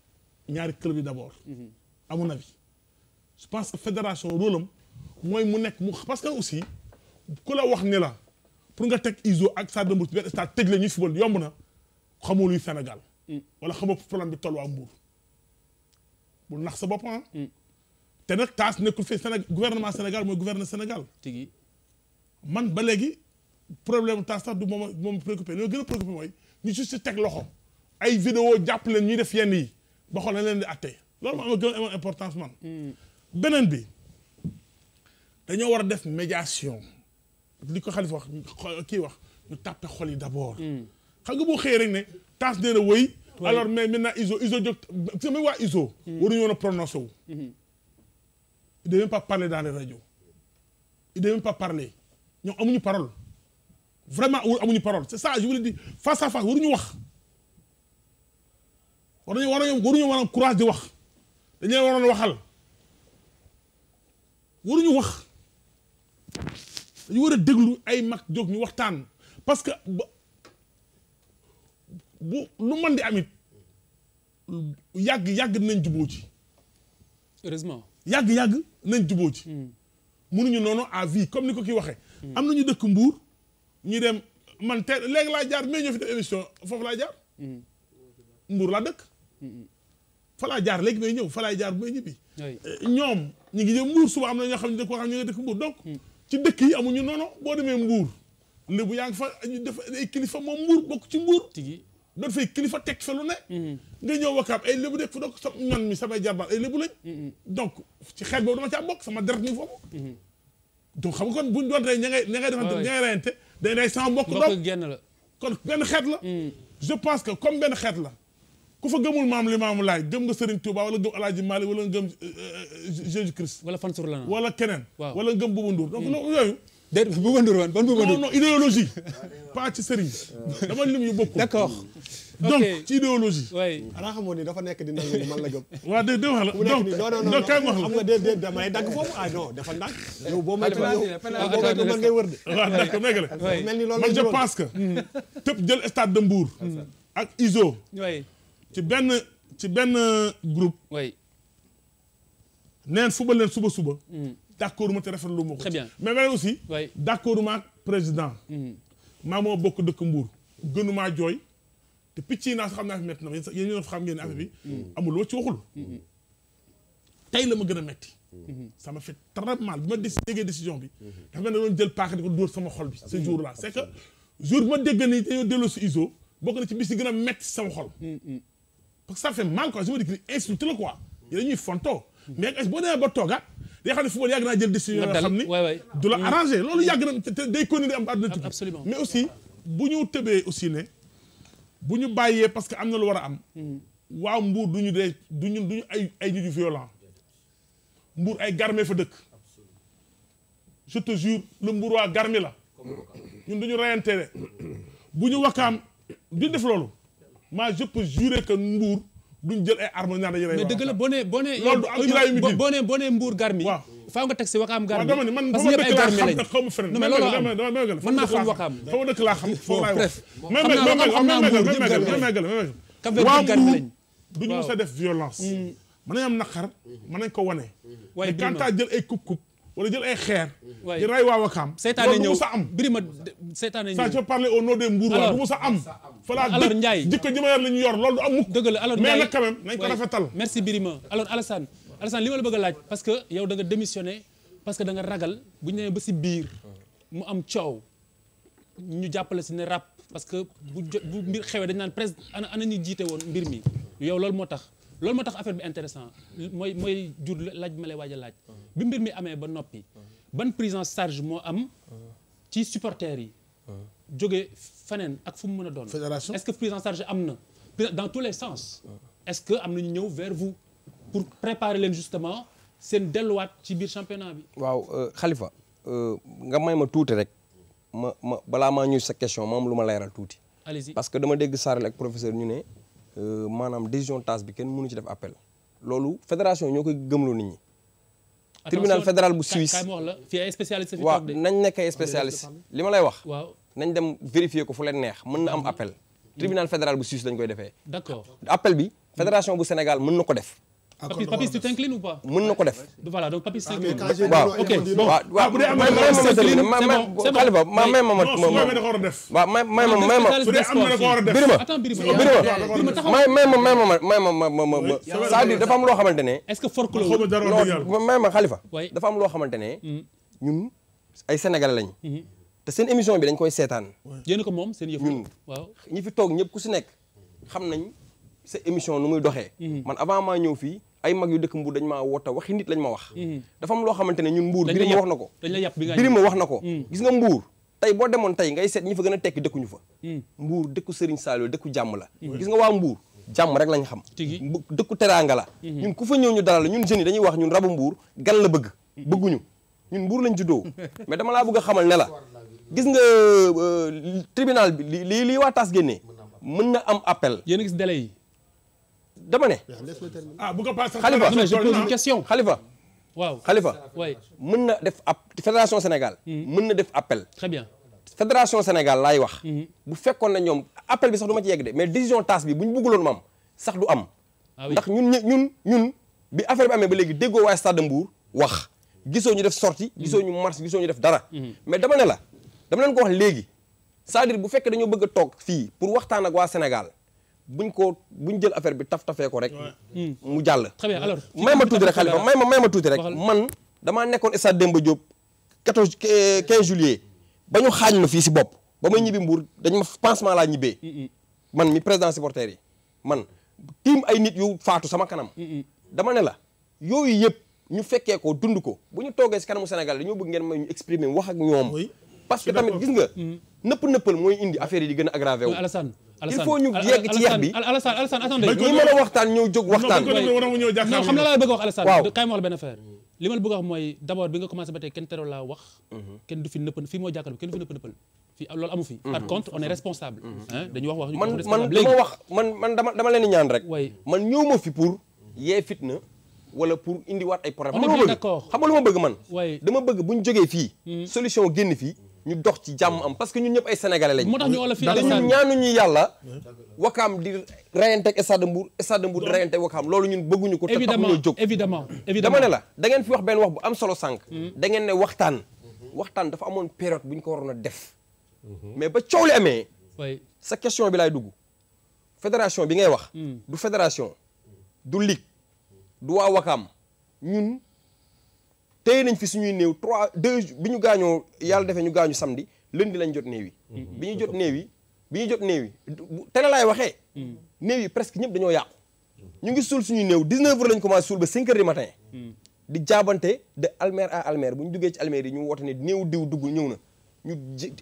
ñaari club yi d'abord mhm. à mon avis je pense que fédération rôle am mooy mu nekk mu parce que aussi ku la wax ne la pour nga teg ISO ak Stade de Mbour ci benn stade tëj la ñuy yomb na xamoo luy Sénégal mm. wala xamoo problème bi tolluwaa Mbour bul nax sa bopp ah. hmm. te nag taas nekkul fi Sénégal gouvernement Sénégal mooy gouverne Sénégal. tigi man ba léegi problème taas sax du moom a moom préoccupé ñoo gën a préoccupé mooy ñu juste teg loxo ay vidéo jàpp leen ñuy def yenn yi ba xool na leen di àtte loolu moo am gën ama importance man. Hmm. beneen bi dañoo war a def médiation li ko xalif wax kii wax ñu tàppe xol yi d'abord. Hmm. xam nga boo xëy rek ne taas nee na wëy. alors mais maintenant Izo Izo jóg sama waa Izo. Hmm. waruñu woon a prononcé wu. Hmm. il devait pas parler dans les radios. amuñu parole. vraiment amuñu parole c'est ça je voulais dire face à face wax. war a courage di wax dañu leen waroon waxal waruñu wax dañu war a déglu ay mag jóg ñu waxtaan parce que bu lu man di amit yàgg yàgg nañ juboo ci. heureusement yàgg yàgg nañ juboo ci. Hmm. noonu à vie comme ni ko kii waxee. am na ñu dëkk mbuur ñu dem man te léegi laa jaar mais ñoo émission foofu laa jaar. Hmm. Mbour laa dëkk. Hmm, fa laa jaar léegi may ñëw fa laay jaar bu may ñibbi. Eh, ñoom ñu ngi ñëw Mbour suba am na ñoo xam ne koo xam ne ñu ngi dëkk Mbour donc. ci dëkk yi amuñu noonu boo demee Mbour. lébu yaa ngi fa añu ay kilifa moom mbuur bokk ci Mbour. tigi doon fay kilifa teg fa lu ne. nga ñëw wakaam ay lébu nekk fu doog sa ñoon mi samay jàmbaar ay lébu lañ. donc ci xeet boobu dama caa bokk sama deret nii foofu. donc xam nga kon bu doon rey ña ngay ña ngay defante ña ngay day rey sama mbokk doom genn la kon benn xeet la. Mm. je pense que comme benn xeet la ku fa gëmul maam li maamu laay gëm nga Serigne Touba wala gëm Alaaji Maalik wala gëm euh, euh, euh, Jésus Christ. wala Fansour Lana wala keneen. wala gëm Boubou Ndour déedéet bu bandur woon ban bu bandur. non non idéologie pas ci sëriñ. dama lim yu bokkul. d'accord donc ci idéologie. oui xanaa xamoon ni dafa nekk di nangu ni man la gëm. waaw dé dé wax la donc donc kay wax la xam nga dé dé damay dagg foofu ah non dafa ndànk. yow boo may yow boo may mën ngay wër de. waaw d'accord dégg nga mel ni loolu man je pense que. Mm. tëb jël stade de Mbour. Mm. ak ISO. oui ci benn ci benn groupe. oui neen fuba leen suba suba. Mm. d' accord ma te rafetlu lu ko. très bien mais mais aussi. oui d' accord ma ak président. Mhm. maa moo bokk dëkk mbuur gënumaa jooy te picc yi naa sax xam naa fi métti na ma yéen ñoo xam ngeen affaire bi. Mhm. amul loo mhm. ma gën a métti. ça m'a fait très mal bi ma déggee décision bi. dafa mel ne jël paaka di sama xol bi. ce que jour bi ma dégg nii dañoo delloo si ISO. bokk na ci bis yi gën a métti sama xol. parce que ça fait mal quoi je me dis que insulté la quoi. yéen a ñuy fontoo. mais boo demee ba toogaat. day xam ne football yàgg naa jël décision la xam ni du la arrangé loolu yàgg na te day continuer am àdduna tukki mais aussi bu ñu tëbee aussi ne bu ñu bàyyee parce que am na lu war a am waaw mbuur duñu dee duñu duñu ay ay nit yu violent mbuur ay garme fa dëkk je to jure le mbuur waa garmi la ñun duñu reyante de bu ñu wakkaam di def loolu maa je peux jurer que mbuur du jël ay armes ñaar dañuy rey mais dëgg la boo nee boo nee boo nee boo nee mbuur garmi faaw nga teg si wakaam garmi dama ni man parce que ñëpp ay ma feneen mais am man maa ma dëkk laa xam foofu laay wax même mbuur yëpp garmi lañ kam fekk garmi lañ duñu mos a def violence mm. mën nañ am naqar mën nañ ko wane waaye quant à jël ay coupe coupe wala jël ay xeer. waay di rey waa Wakaam. seytaane ñëw sa am birima seytaane ñëw. ça je parle au du sa am. alors alors Ndiaye jikko ji ma la ñu yor loolu du am mukk. dëgg la alors Ndiaye mais nag quand même nañ ko rafetal. merci birima alors Alassane li ma la bëgg a laaj parce que yow da nga démissionné parce que da nga ragal bu ñu nee ba si biir mu am coow ñu jàppale si ne rap parce que bu jo bu mbir xewee dañ naan presque ana ana ñu jiite woon mbir mi yow loolu moo tax. loolu moo tax affaire bi intéressant mooy mooy jur laaj ma lay waaj a laaj uh-huh. bi mbir mi amee ba noppi uh-huh. ban prise en charge moo am uh-huh. ci supporters yi jóge feneen ak fu mu mën a doon fédération est-ce que prise en charge am na dans tous les sens est-ce que am nañu ñëw vers vous pour préparer leen justement seen delluwaat ci biir championnat bi waaw euh, Khalifa euh, nga may ma tuuti rek ma ma balaa maa ñuy sa question ma am lu ma leeral tuuti allez-y parce que dama dégg Sarel ak professeur ñu ne Euh, maanaam décision TAS bi kenn mënu ci def appel loolu fédération ñoo koy gëmloo nit ñi. tribunal fédéral bu Suisse kaay ma wax la fii ay spécialiste fi waaw nañ nekk spécialiste li ma lay wax. waaw nañ dem vérifier ko fu leen neex mën na am appel. tribunal fédéral bu Suisse lañ koy defee. d'accord appel bi fédération bu Sénégal mën na ko def. Papis Papis tu t'inclines ou pas. mën na ko def. voilà donc Papis ah, s'incline. waaw ok bon waaw ah, bu dee am na c'est-à-dire dafa am loo xamante ne. est-ce que fork la may ma xalifa. dafa am loo xamante ne. Hmm. ñun ay Sénégalais lañ hmm. te seen émission bi dañ koy seetaan. yéen ko moom seen yëf. ñun ñi fi toog ñëpp ku si nekk xam nañ sa émission nu muy doxee. Hmm. man avant maa ñëw fii ay mag yu dëkk mbuur dañ maa woota waxi nit lañ ma wax hmm. dafa am loo xamante ne ñun mbuur biri ma wax na ko biri ma wax na ko hmm. gis nga mbuur tey boo demoon tey ngay seet ñi fa gën a tekki dëkkuñu fa hmm. mbuur dëkku sëriñ Saliou dëkku jàmm la gis nga waa mbuur jàmm rek lañ xam dëkku teraanga la ñun ku fa ñëw ñu dalal ñun jeunes yi dañuy wax ñun rabu mbuur gan la bëgg bëgguñu ñun mbuur lañ juddoo [laughs] mais dama laa bëgg xamal ne la gis nga euh, tribunal bi lii lii waa taas génnee mën na am appel yéen a gis yi dama ne. ah bu ko paasee xalifa je question xalifa. waaw xalifa. oui mën na def ab fédération Sénégal. Hmm. mën na def appel. très bien. fédération Sénégal laay wax. Hmm. bu fekkoon na ñoom appel bi sax du ma ci yegg de mais décision tasse bi bu ñu bëgguloon ma am sax du am. Ah ndax ñun ñun ñun bi affaire bi amee ba léegi déggoo waa Stade Mbour wax gisoo ñu def sortie hmm. gisoo ñu marche gisoo ñu def dara. mais dama ne la dama leen ko wax léegi cest à bu fekkee dañoo bëgg a toog fii pour waxtaan ak waa Sénégal. buñ ko buñ jël affaire bi taf tafee ko rek. Hmm. mu jàll. très bien alors may ma tuuti rek xalifa may ma may ma tuuti rek. man damaa nekkoon stade Demba Diop. 14 15 juillet ba ñu xaañ ma fii si bopp ba may ñibbi Mbour dañ ma pansement laa ñibbee. Hmm, hmm. man mi président supporter yi man tiim ay nit yu faatu sama kanam. dama ne la yooyu yëpp ñu fekkee ko dund ko bu ñu toogee si kanamu Sénégal dañoo bëgg ngeen may ñu exprimer wax ak ñoom. parce que tamit gis nga. Hmm. nëpp nëppal mooy indi affaire yi di gën a aggravé wu. il faut ñu yegg ci yeex bi Alassane Alassane attendez ñi mën a waxtaan ñëw jóg waxtaan. non a ma bëgg a wax mooy d'abord man dama wala pour indiwaat ay problème. on est bien d'accord xam nga bëgg man. dama bëgg bu ñu jógee fii. Hmm. solution génn fii. ñu dox ci jàmm am parce que ñun ñëpp ay sénégalais lañ. moo tax ñu olof fi ñun ñaanuñu yàlla. wakaam di reyanteeg stade Mbour stade Mbour di reyanteeg wakaam loolu ñun bëgguñu ko. te taxuñoo jóg évidemment évidemment dama ne la da ngeen fi wax benn wax bu am solo sànq. Hmm. da ngeen ne waxtaan. Mhm. waxtaan dafa amoon période bu ñu ko waroon a def. Mhm. mais ba coow li amee. sa question bi lay dugg. fédération bi ngay wax. Hmm. du fédération. du ligue. du waa wakaam ñun. tey nañ fi suñuy néew trois deux bi ñu gaañoo yàlla defee ñu gaañu samedi lundi lañ jot néew yi. Mhm. bi ñu jot néew yi bi ñu jot néew yi tele laay waxee. Mhm. néew yi presque ñëpp dañoo yàqu. ñu ngi suul suñuy néew 19 heures lañ commencé suul ba 5 heures matin. Mhm. di jaabante de almer à almer bu ñu duggee ci almer yi ñu woote ne néew diw dugg ñëw na ñu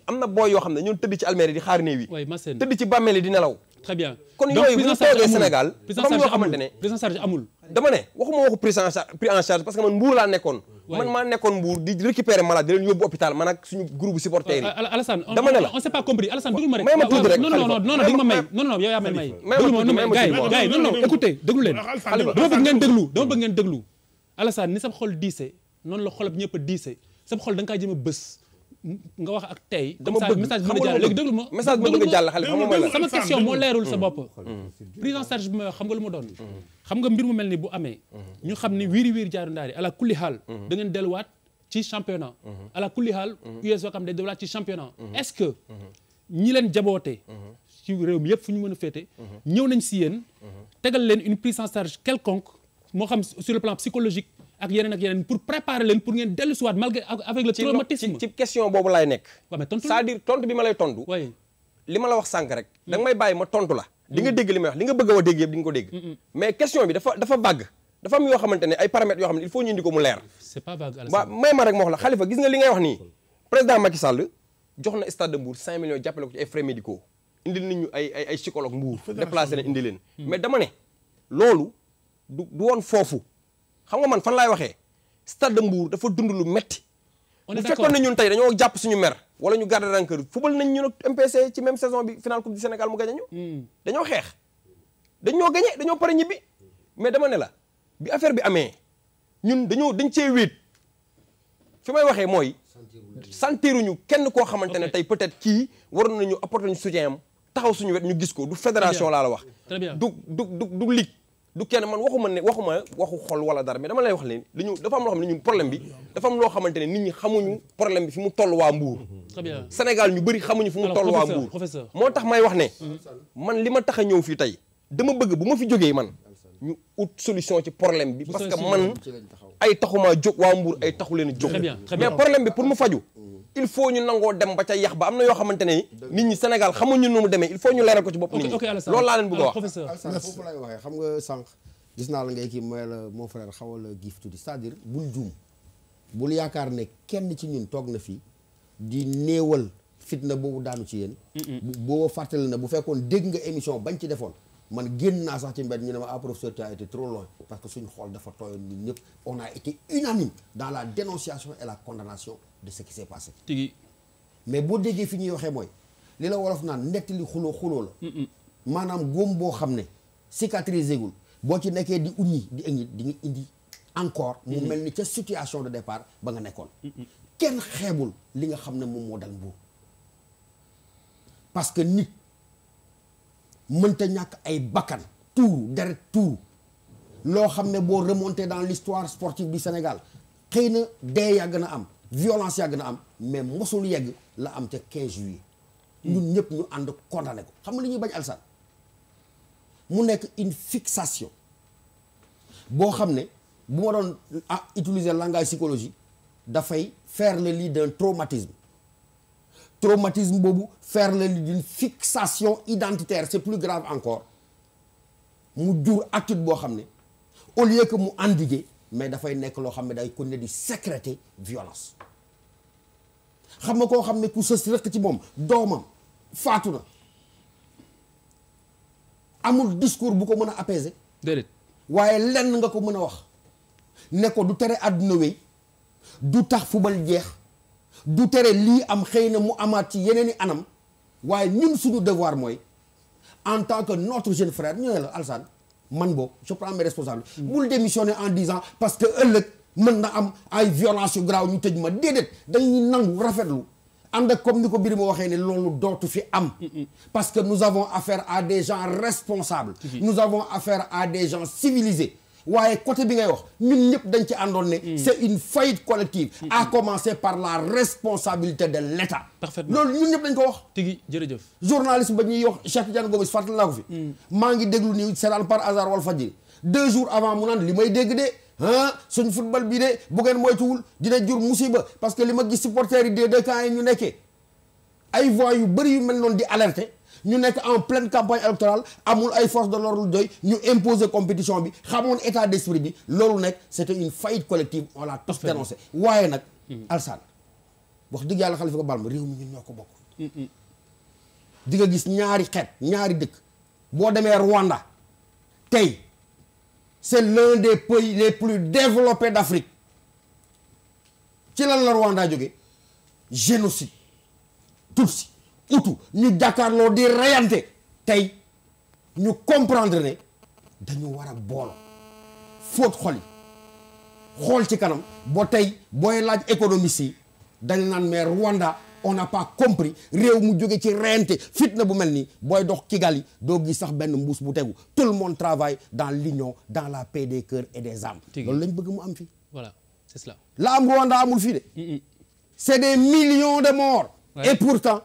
am na booy yoo xam ne ñoo tëdd ci almer yi di xaar néew yi. tëdd ci bàmmeel yi di nelaw. très bien kon yooyu bu ñu toogee Sénégal. xamante ne prise en amul dama ne waxuma waxu prise en charge prise en charge parce que man mbuur laa nekkoon. man maa nekkoon mbuur di récupérer malade di hôpital man ak suñu groupe yi. Alassane on s'est pas compris Alassane déglu ma rek. may ma may non non yow may may. may ma tuuti gars leen. dama bëgg ngeen déglu dama ni sa xol diise noonu la xolab ñëpp a diise sa xol da nga kaa bës nga wax ak tey. dama bëgg message bi mën a jàll léegi déglu ma. message bi bëgg a jàll xale xam nga sama question moo leerul sa bopp. Mm. prise en charge bi ma xam nga lu ma doon. Mm. xam nga mbir mu mel ni bu amee. Mm. ñu xam ni wiiri wiiri jaaru ndaari ala kulli xaal. da ngeen delluwaat ci championnat. ala kulli xaal. US Ouakam day delluwaat ci championnat. est-ce que ñi leen jaboote. ci réew yëpp fu ñu mën a féete. ñëw nañ si yéen. tegal leen une prise en charge quelconque moo xam sur le plan psychologique. ak yeneen ak yeneen pour préparer leen pour ngeen dellu siwaat malgré avec le traumatisme ci question boobu laay nekk ma lay ma la wax sànq rek mm. da nga may bàyyi ma tontu la di nga mm. dégg li may wax li nga bëgg a wax dégg yëpp di nga ko dégg mais question bi dafa dafa bàgg dafa am yoo xamante ne ay paramètres yoo xam ne il faut ñu indi ko mu leer c'est pas vague waaw ma rek ma wax la Khalifa gis nga li ngay wax nii président Macky Sall jox na stade de Mbour 5 millions jàppale ko ci ay frais médicaux ay ay ay psychologue Mbour déplacé leen mm. mais dama ne loolu du woon foofu xam nga man fan laay waxee stade de Mbour dafa dund lu metti bu fekkoon na ñun tey dañoo jàpp suñu mer wala ñu garder rancœur football nañ ñun ak MPC ci même saison bi final coupe du Sénégal mu gañe ñu hmm. dañoo xeex dañoo gañe dañoo pare ñibbi mais dama ne la bi affaire bi amee ñun dañoo dañ cee wéet fi may waxee mooy santiruñu kenn koo xamante ne tey peut-être kii waroon nañu apporter ñu soutien am taxaw suñu wet ñu gis ko du fédération laa la wax du du du du du kenn man waxuma ne waxuma waxu xol wala dara mais dama lay wax leen li ñu dafa am loo xam ne bi am loo xamante ne nit ñi xamuñu problème bi fi mu toll waa Mbour Sénégal ñu bëri xamuñu fi mu toll waa Mbour moo tax may wax ne mm-hmm. man li ma tax a ñëw fii tey dama bëgg bu ma fi jógee man ñu ut solution ci problème bi parce que man ay taxumaa jóg waa Mbour ay taxu leen jóg mais problème bi pour mu faju mm. il faut ñu nangoo dem ba ca yax ba am na yoo xamante ne nit ñi Sénégal xam xamuñu nu mu demee il faut ñu leeral ko ci bopp nit ñi loolu laa leen bëgg a wax professeur xam nga sànq gis naa la ngay kii mooy la mon frère xaw la giif tuuti cest à bul yaakaar ne kenn ci ñun toog na fii di néewal fitna boobu daanu ci yéen booba na bu fekkoon dégg nga émission bañ ci defoon man génn naa sax ci mbedd ñu ne ma ah professeur tu été trop loin parce que suñu xool dafa tooyoon ñun ñëpp on a été unanime dans la dénonciation et la condamnation de ce qui s'est passé. mais boo déggee fi ñuy waxee mooy li la wolof naan nettali xuloo xuloo la. maanaam góom boo xam ne cicatrisé gul boo ci nekkee di uññi di indi di nga indi encore. mu mel ni ca situation de départ ba nga nekkoon. kenn xeebul li nga xam ne moom moo dal mbuur parce que nit mënta ñàkk ay bakkan tuuru deret tuuru loo xam ne boo remonté dans l'histoire sportive du Sénégal xëy na dee yàgg na am violence yàgg na am mais mosul yegg la am ca quinze juillet. ñun ñëpp ñu ànd condamné ko xam nga li ñuy bañ alsan mu nekk une fixation boo xam ne bu ma doon ah utiliser langage psychologie dafay faire le lii d'un traumatisme traumatisme boobu faire le lit d'une fixation identitaire c'est plus grave encore mu jur attitude boo xam ne au lieu que mu endiguer mais dafay nekk loo xam ne day ne di sécréter violence xam nga koo xam ne ku sës rek ci moom doomam faatu na amul discours bu ko mën a apaiser déedéet waaye lenn nga ko mën a wax ne ko du tere àdduna wéy du tax fubal jeex du tere lii am xëy na mu amaat ci yeneeni anam waaye ñun suñu devoir mooy en tant que notre jeune frère ñu ne la Alsane man boo je prends mes responsabilités bul démissionner en disant parce que ëllëg mën na am ay violence yu graaw ñu tëj ma déedéet dañuy nangu rafetlu ànd ak comme ni ko biri ma waxee ne loolu dootu fi am parce que nous avons affaire à des gens responsables mm-hmm. nous avons affaire à des gens civilisés waaye côté bi ngay wax ñun ñëpp dañ ci àndoon ne. Hmm. c'est une faillite collective. Hmm. à commencer par la responsabilité de l'État. parfaitement loolu ñun ñëpp dañ ko wax. tigi jërëjëf. journaliste ba ñuy wax Cheikh Tidiane Gomis fàttali naa ko fi. Hmm. maa ngi déglu nii seetaan par hasard Walfadjri deux jours avant mu naan li may dégg de. ah suñ football bi de bu ngeen moytuwul dina jur musiba parce que li ma gis supporters yi des deux camps yi ñu nekkee ay voix yu bëri yu mel noonu di alerter. ñu nekk en pleine campagne électorale amul ay force de l'ordre doy ñu imposer compétition bi xamoon état d'esprit bi loolu nekk c'était une faillite collective on l'a tous dénoncé waaye nag mm-hmm. Alsaan wax dëgg yàlla Xalifa ko baal ma réew mi ñun ñoo ko bokk mm-hmm. di nga gis ñaari xeet ñaari dëkk boo demee Rwanda tey c'est l'un des pays les plus développés d'Afrique ci lan la Rwanda jógee génocide utu ñu jàkkaarloo di reyante tey ñu comprendre ne dañu war a booloo fóot xol xool ci kanam boo tey booy laaj économiste yi dañ naan mais Rwanda on n'a pas compris réew mu jóge ci reyante fitna bu mel nii booy dox yi doo gis sax benn mbuus bu tegu tout le monde travaille dans l'union dans la paix des kër et des âmes loolu lañ bëgg mu am fii voilà c'est cela la am Rwanda amul fii de c'est des millions de morts ouais. et pourtant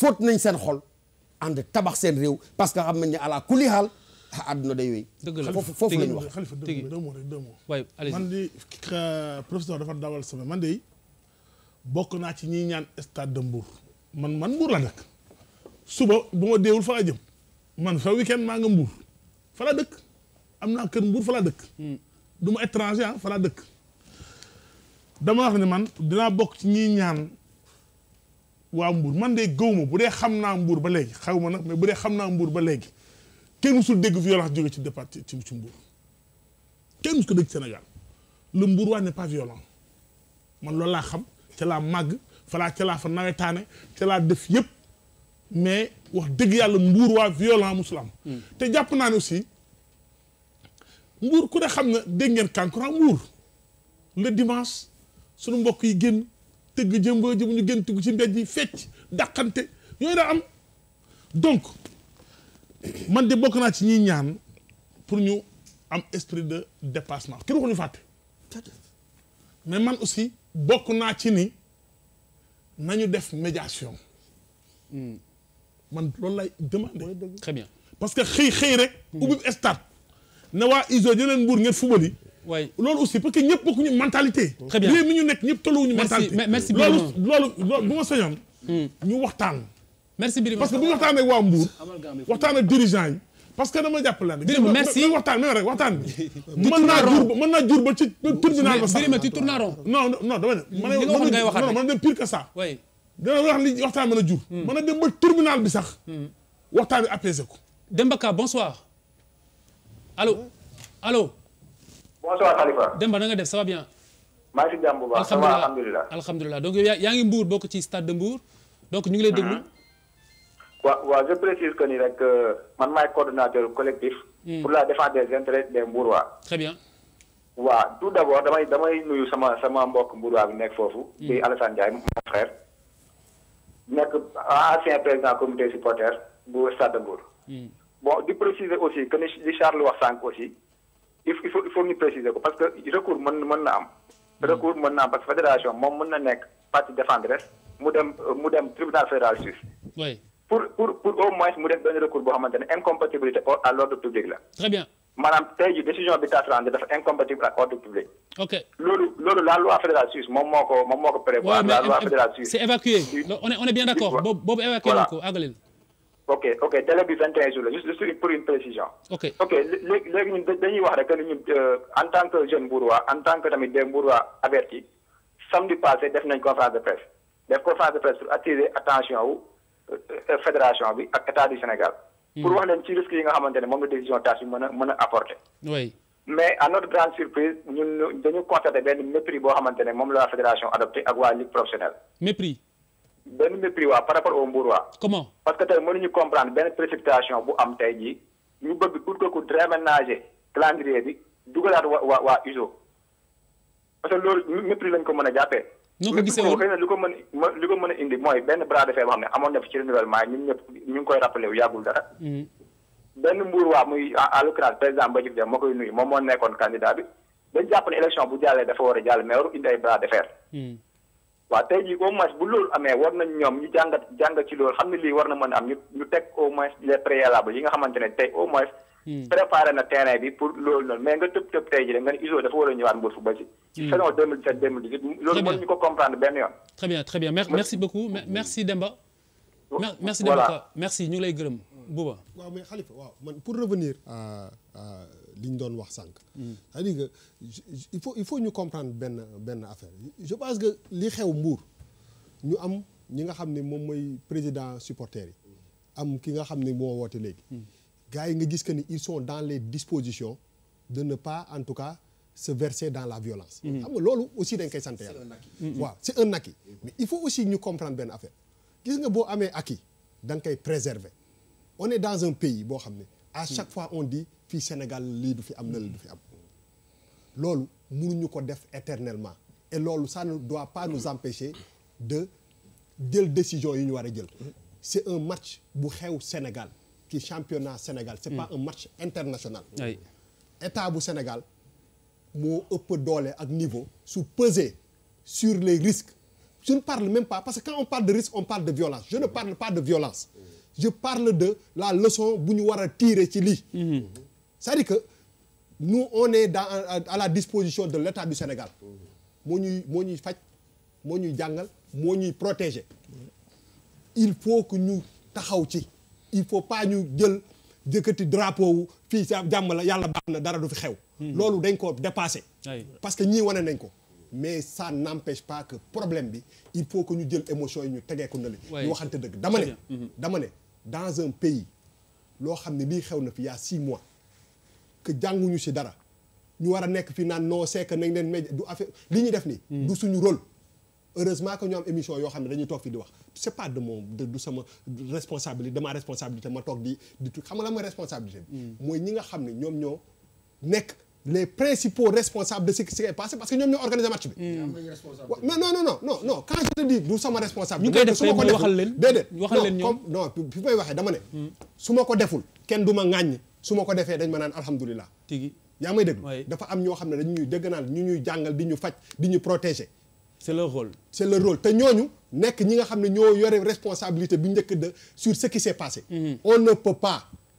fóot nañ seen xol ànd tabax seen réew parce que xam nañ ne ala kulli xaal àdduna day wéy. dëgg la foofu foofu la ñu wax xalifa deux mots rek deux mots. waay man euh, dafa dawal sama man de naa ci ñiy ñaan stade de man man Mbour la dëkk suba fa la man fa weekend maa nga Mbour la dëkk am naa kër Mbour fa la dëkk. Hmm. du ma étranger ah fa la dëkk. dama wax ne man dinaa bokk ci ñiy ñaan. waa mbuur man de bu dee xam naa Mbour ba léegi xaw ma nag mais bu dee xam naa Mbour ba léegi kenn musul dégg violence jóge ci départ ci ci Mbour kenn musul ko dégg Sénégal le Mbourois n'est pas violent man loolu laa xam ca laa màgg fa laa ca laa fa nawetaane ca laa def yëpp mais wax dëgg yàlla Mbourois violent musul am hmm. te jàpp naa ne aussi Mbour ku ne xam na dégg ngeen kankuran Mbour le dimanche sunu mbokk yi génn. tëgg jëmba jëmu ñu gën tugg ci mbedd yi fecc dàqante yooyu daa am donc man de bokk naa ci ñiy ñaan pour ñu am esprit de dépassement kenn ko ñu fàtte mais man aussi bokk naa ci ni na ñu def médiation man loolu lay demander très bien parce que xëy xëy rek ubbi stade ne waa iso jëleen mbuur ngeen fubali waay loolu aussi parce que ñëpp bokkuñu mentalité. très bien réew mi ñu nekk ñëpp tolluwuñu mentalité merci merci loolu loolu bu ma soñoon. Hmm. ñu waxtaan. merci Birima parce que bu ñu waxtaanee waa Mbour. waxtaan ak dirigeant yi. parce que dama jàpp laan. Birima merci bi waxtaan même rek waxtaan bi. [laughs] mën naa jur ba mën naa jur ba ci tribunal ba sax. Birima tu tournes rond. non non dama ne. li nga waxoon ngay waxaat rek non man de pire que ça. oui dana wax li waxtaan mën a jur. Hmm. mën a dem ba tribunal bi sax. Hmm. waxtaan bi apaisé ko. Demba Ka bonsoir allo allo. bonsoir Khalifa. Demba na nga def ça va bien. maa ngi si jàmm bu baax ça alhamdulilah alhamdulilah donc yow yaa ngi Mbour bokk ci stade de Mbour. donc ñu ngi lay déglu. waaw mm-hmm. waaw je précise que ni rek euh, man maay coordonnateur collectif. Mm. pour la défense des intérêts des Mbourois. très bien. waaw tout d' abord damay damay nuyu sama sama mbokk Mbourois bi nekk foofu. Mm. di Alassane Ndiaye mon frère. nekk ancien président comité supporter bu stade de Mbour. Mm. bon di préciser aussi il faut il faut parce que recours mën mën na am. Hmm. recours mën na am parce que fédération moom mën na nekk partie défenderesse mu dem tribunal fédéral suisse. oui pour pour au moins mu def benn recours boo xamante ne incompatibilité à l'ordre public la. très bien maanaam tey jii décision bi TAS rendre dafa incompatible ak ordre public. ok loolu loolu la loi fédérale suisse moom moo ko moom moo ko prévoir. la loi fédérale suisse. c'est ok ok délai bi 21 jours la juste une précision. ok ok léegi léegi ñun dañuy wax rek que ñun euh, en tant que jeune Mbourwa en tant que tamit des Mbourwa averti samedi passé def nañ conférence de presse def conférence de presse pour attirer attention wu euh, euh, fédération bi ak état du Sénégal. Hmm. pour wax leen ci risque yi nga xamante ne moom la décision tâche bi mën a mën a apporter. oui mais à notre grande surprise ñun dañu benn mépris boo xamante ne moom la fédération adopté ak benn mépris waa par rapport au Mbour waa. comment parce que tey mënuñu comprendre benn précipitation bu am tey jii ñu bëgg pour que ku réaménager calendrier bi dugalaat wa waa waa USO parce que loolu mépris lañ ko mën a jàppee. noo ko gisee woon xëy na li mën a li ko mën indi mooy benn bras de fer xam ne amoon na fi ci renouvellement yi ñëpp ñu ngi koy rappelé wu yàggul dara. Mm. benn mbuur waa muy à l'occurrence président Mbadji Diagne moo koy nuyu moom moo nekkoon candidat bi dañ jàpp ne élection bu jàllee dafa war a jàll mais waru de waaw tey jii au moins bu loolu amee war nañ ñoom ñu jàngat jàngat ci loolu xam ne lii war na mën am ñu ñu teg au moins les préalables yi nga xamante ne tey au moins. Hmm. préparé na terrain bi pour loolu noonu mais nga tëb tëb tey jii rek nga ne war a ñëwaat Mbour football si. ci saison 2017 2018. très loolu mën ñu ko comprendre benn yoon. très bien très bien merci beaucoup merci Demba. merci ñu lay gërëm Bouba. waaw mais Khalifa waaw man pour revenir. Euh, li ñu doon wax sànq. Mm. cest que il faut il faut ñu comprendre benn benn affaire je pense que li xew Mbour ñu am ñi nga xam ne moom mooy président supporters yi. am ki nga xam ni moo woote léegi. Mm. gars yi nga gis que ni il sont dans les dispositions de ne pas en tout cas se verser dans la violence. Mm. xam nga loolu aussi dañ koy sant yàlla. Mm-hmm. waaw c'est un acquis mais il faut aussi ñu comprendre benn affaire gis nga boo amee acquis da nga koy préserver on est dans un pays boo xam ne. à chaque fois on dit fii Sénégal lii du fi am na lii du fi am loolu mënuñu ko def éternellement et loolu ça ne doit pas nous empêcher de jël décision yi ñu war a jël c'est un match bu xew Sénégal ki championnat Sénégal c'est mm. pas un match international état bu Sénégal moo ëpp doole ak niveau su peser sur les risques je ne parle même pas parce que quand on parle de risque on parle de violence je ne parle pas de violence je parle de la leçon bu ñu war a tirer ci lii mhm. c'est-à-dire que nous on à la disposition de l'État du Sénégal moo ñuy moo ñuy faj moo ñuy jàngal moo ñuy protéger il faut que ñu taxaw ci il faut pas ñu jël jëkkati drapeau wu fii jàmm la yàlla baax na dara du fi xew mhm. loolu dañ ko dépasser parce que ñii wane nañ ko mais ça nampe pas problème bi il faut que ñu jël émotion yi ñu tegee ko na li ñu waxante dëgg dama ne mhm. dama ne dans un pays loo xam ne lii xew na fi y six mois que jànguñu si dara ñu war a nekk fi naan noo c'est nañ leen média du affaire li ñuy def nii. Hmm. du suñu rôle. heureusement que ñu am émission yoo xam ne dañu toog fi di wax c'est pas de mon du sama responsabilité de ma responsabilité ma toog di di xam nga la mooy responsabilité bi. Hmm. mooy ñi nga xam ne ñoom ñoo nekk. les principaux responsables de ce qui s'est passé parce que ñoom ñoo organisé match bi. mais mm. non non non non non quand je te koy def tey mooy waxal leen leen ñoom non fi may waxee dama ne. Mm. su ma ko deful kenn du ma ŋàññ su ma ko defee dañ ma naan alhamdulilah. tigi yaa may déglu dafa am ñoo xam ne dañ ñuy dégg naan ñu ñuy jàngal di ñu faj di ñu protégé c'est leur rôle. c'est leur rôle te ñooñu nekk ñi nga xam ne ñoo yore responsabilité bu njëkk de sur ce qui s'est passé. Mm-hmm. on ne peut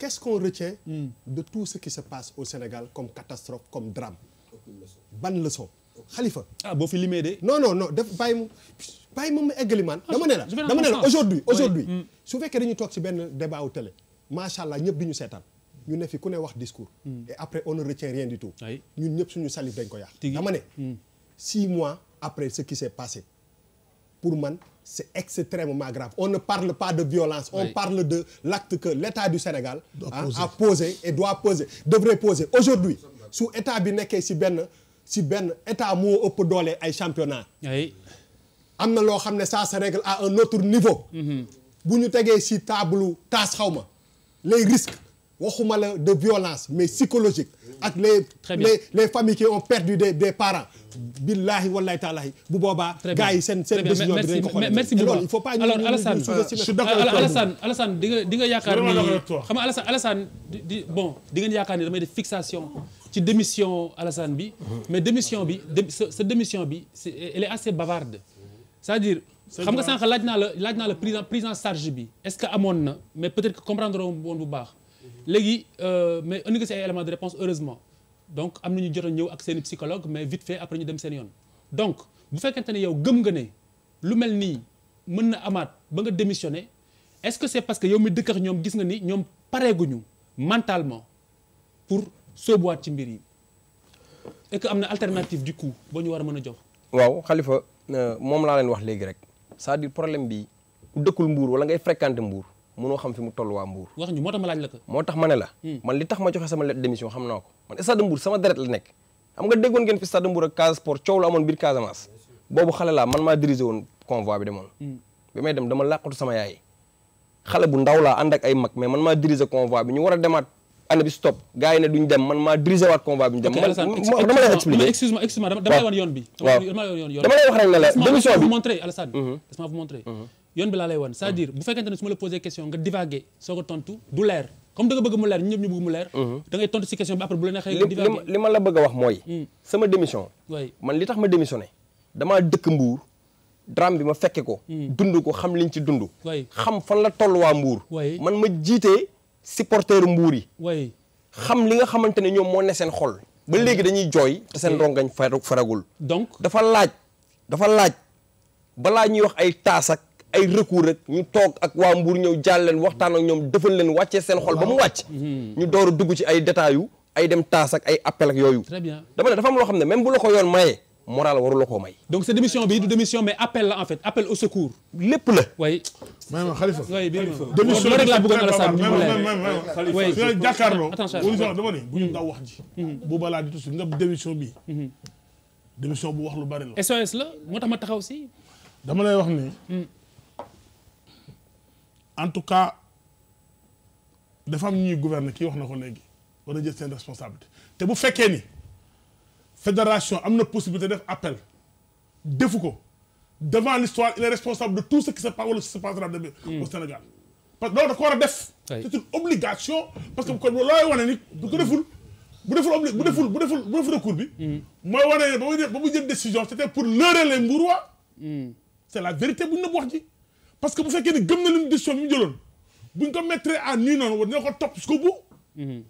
qu'est-ce hmm. de tout ce qui se passe au Sénégal comme catastrophe comme drame ban leçon Khalifa ah boo fi limee de non non def bàyyi mu bàyyi moom eggali maan ah, dama ne la dama ne la aujourd'hui aujourd'hui hmm. su fekkee dañu toog ci benn débat wu télé macha allah ñëpp di ñu seetaan ñu ne fi ku ne wax discours hmm. et après on ne retient rien du tout ñun ñëpp suñu salive dañ ko yàq dama ne six mois après ce qui s'est passé pour man c'est extrêmement grave. On ne parle pas de violence, on oui. parle de l'acte que l'État du Sénégal hein, a posé et doit poser, devrait poser. Aujourd'hui, su état bi nekkee ci benn ci benn état moo ëpp doole ay championnat oui. am na loo xam ne saa sénégal règle à un autre niveau. Mm-hmm. bu ñu tegee ci tableau taas xaw ma les waxuma la de violence mais psychologique. ak les les les familles qui ont perdu des parents. billaahi wallaahi taalaahi bu boobaa. gars seen seen décision bi dinañ ko xool merci beaucoup il di nga yaakaar ni xam nga Alassane Alassane di bon di ngeen yaakaar ni damay def fixation ci démission Alassane bi. Mhm. mais démission bi sa sa démission bi c'est assez bavarde c'est-à-dire. xam nga sànq laaj naa la laaj naa la prise en prise en charge bi est-ce que amoon na mais peut-être que comprendre woon bu baax mhm. léegi euh, mais indi nga si ay éléments de réponse heureusement. donc am na ñu jotoon ñëw ak seeni psychologue mais vite fait après ñu dem seen yoon donc bu fekkente ne yow gëm nga ne lu mel nii mën na amaat ba nga démissionné est-ce que c'est parce que yow mi dëkk ak gis nga ni ñoom pareeguñu mentalement pour sóobuwaat ci mbir yi et am na alternative du coup boo ñu war a mën a jox. waaw Khalifa euh, moom laa leen wax léegi rek cest à problème bi ku dëkkul mbuur wala ngay fréquenter mbuur mënoo xam fi mu toll waa moo tax ma laaj la ko. moo tax ma hmm. man li tax ma joxe sama lettre démission xam naa ko man stade Mbour sama deret la nekk. xam nga déggoon ngeen fi stade Mbour ak Casa Sport coow la amoon biir Casamance. boobu xale laa man maa dirigé woon convoi bi demoon. Hmm. bi may dem dama làqatu sama yaay. xale bu ndaw laa ànd ak ay mag mais man maa dirigé convoi bi ñu war a demaat année bi stop gars man maa dirigé waat convoi bi ñu dem. man dama lay expliqué wax rek ne la bi. yoon bi laa lay wan cest à bu fekkente ne su ma la posé question nga divagué soo ko tontu du leer comme da nga bëgg mu leer ñu ñëpp ñu bëgg mu leer mhm. da tontu si question bi après bu la neexee nga li ma la bëgg a wax mooy hmm. sama démission way man li tax ma démissionné damaa dëkk mbuur drame bi ma fekke ko hmm. dund ko xam liñ ci dund xam fan la toll waa mbuur man ma jiitee supporter mbuur yi xam li nga xamante ne ñoom moo ne seen xol ba léegi dañuy jooy te seen rongañ faragul donc dafa laaj dafa laaj balaa ñuy wax ay taas ay recours rek ñu toog ak waa Mbour ñëw jàll leen waxtaan ak ñoom defal leen wàccee seen xol ba mu wàcc mhm. ñu door dugg ci ay détails yu ay dem taas ak ay appel ak yooyu dama ne dafa am loo xam ne même bu la ko la koo may a sàmm bu wax lu bari la SOS la moo tax ma taxaw si dama lay wax ne en tout cas dafa am ñuy gouverner kii wax na ko léegi war na jël seen responsabilité te bu fekkee ni fédération am na possibilité def appel defu ko devant l'histoire il est responsable de tout ce qui se passe wala se passera demain au Sénégal hmm. parce que loolu da ko war a def c'est une obligation parce que kon looy wane ni du ko deful bu deful obli bu deful bu deful bu deful recours bi hmm. mooy wane ne ba muy jël décision c'était pour leurrer les Mourois hmm. c'est la vérité bu ñu nëbb wax ji parce que bu fekkee ne gëm na lim décision bi mu jëloon buñ ko mettre à nu noonu war dina ko topp su ko bu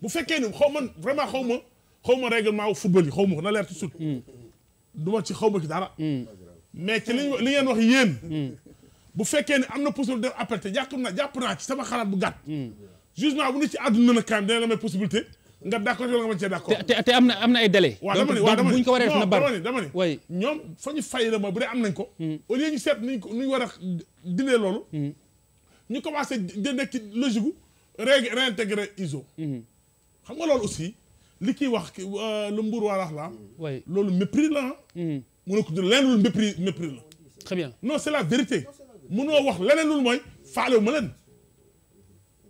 bu fekkee ni xaw ma vraiment xaw ma xaw ma règlement wu football yi xaw ma ko na leer tout suite mhm. du ma ci xaw ma ci dara mhm. mais ci liñ li ngeen wax yéen mhm. bu fekkee ne am na possibilité def appel te jàpp naa jàpp naa ci sama xalaat bu gàtt jugement bu ne ci àdduna na kaam dana la may possibilité nga d'accord wala nga bañ cee d'accord te am na am na ay délai waaw dama ne waaw dama ne buñ ko waree def na bar dama ne dama ne ñoom fa ñu fay la mooy bu dee am nañ ko au lieu ñu seet nuñ ko nuñ war a dindee loolu. Hmm. ñu commencé jënd ci logique gu réintégrer ISO. Hmm. xam nga loolu aussi li kiy wax euh, lu Mbour waa wax la loolu mépris la hmm. mu ne ko leneen lu mépris mépris la. très bien non c'est la vérité mënoo wax leneen lu mooy faalewu ma leen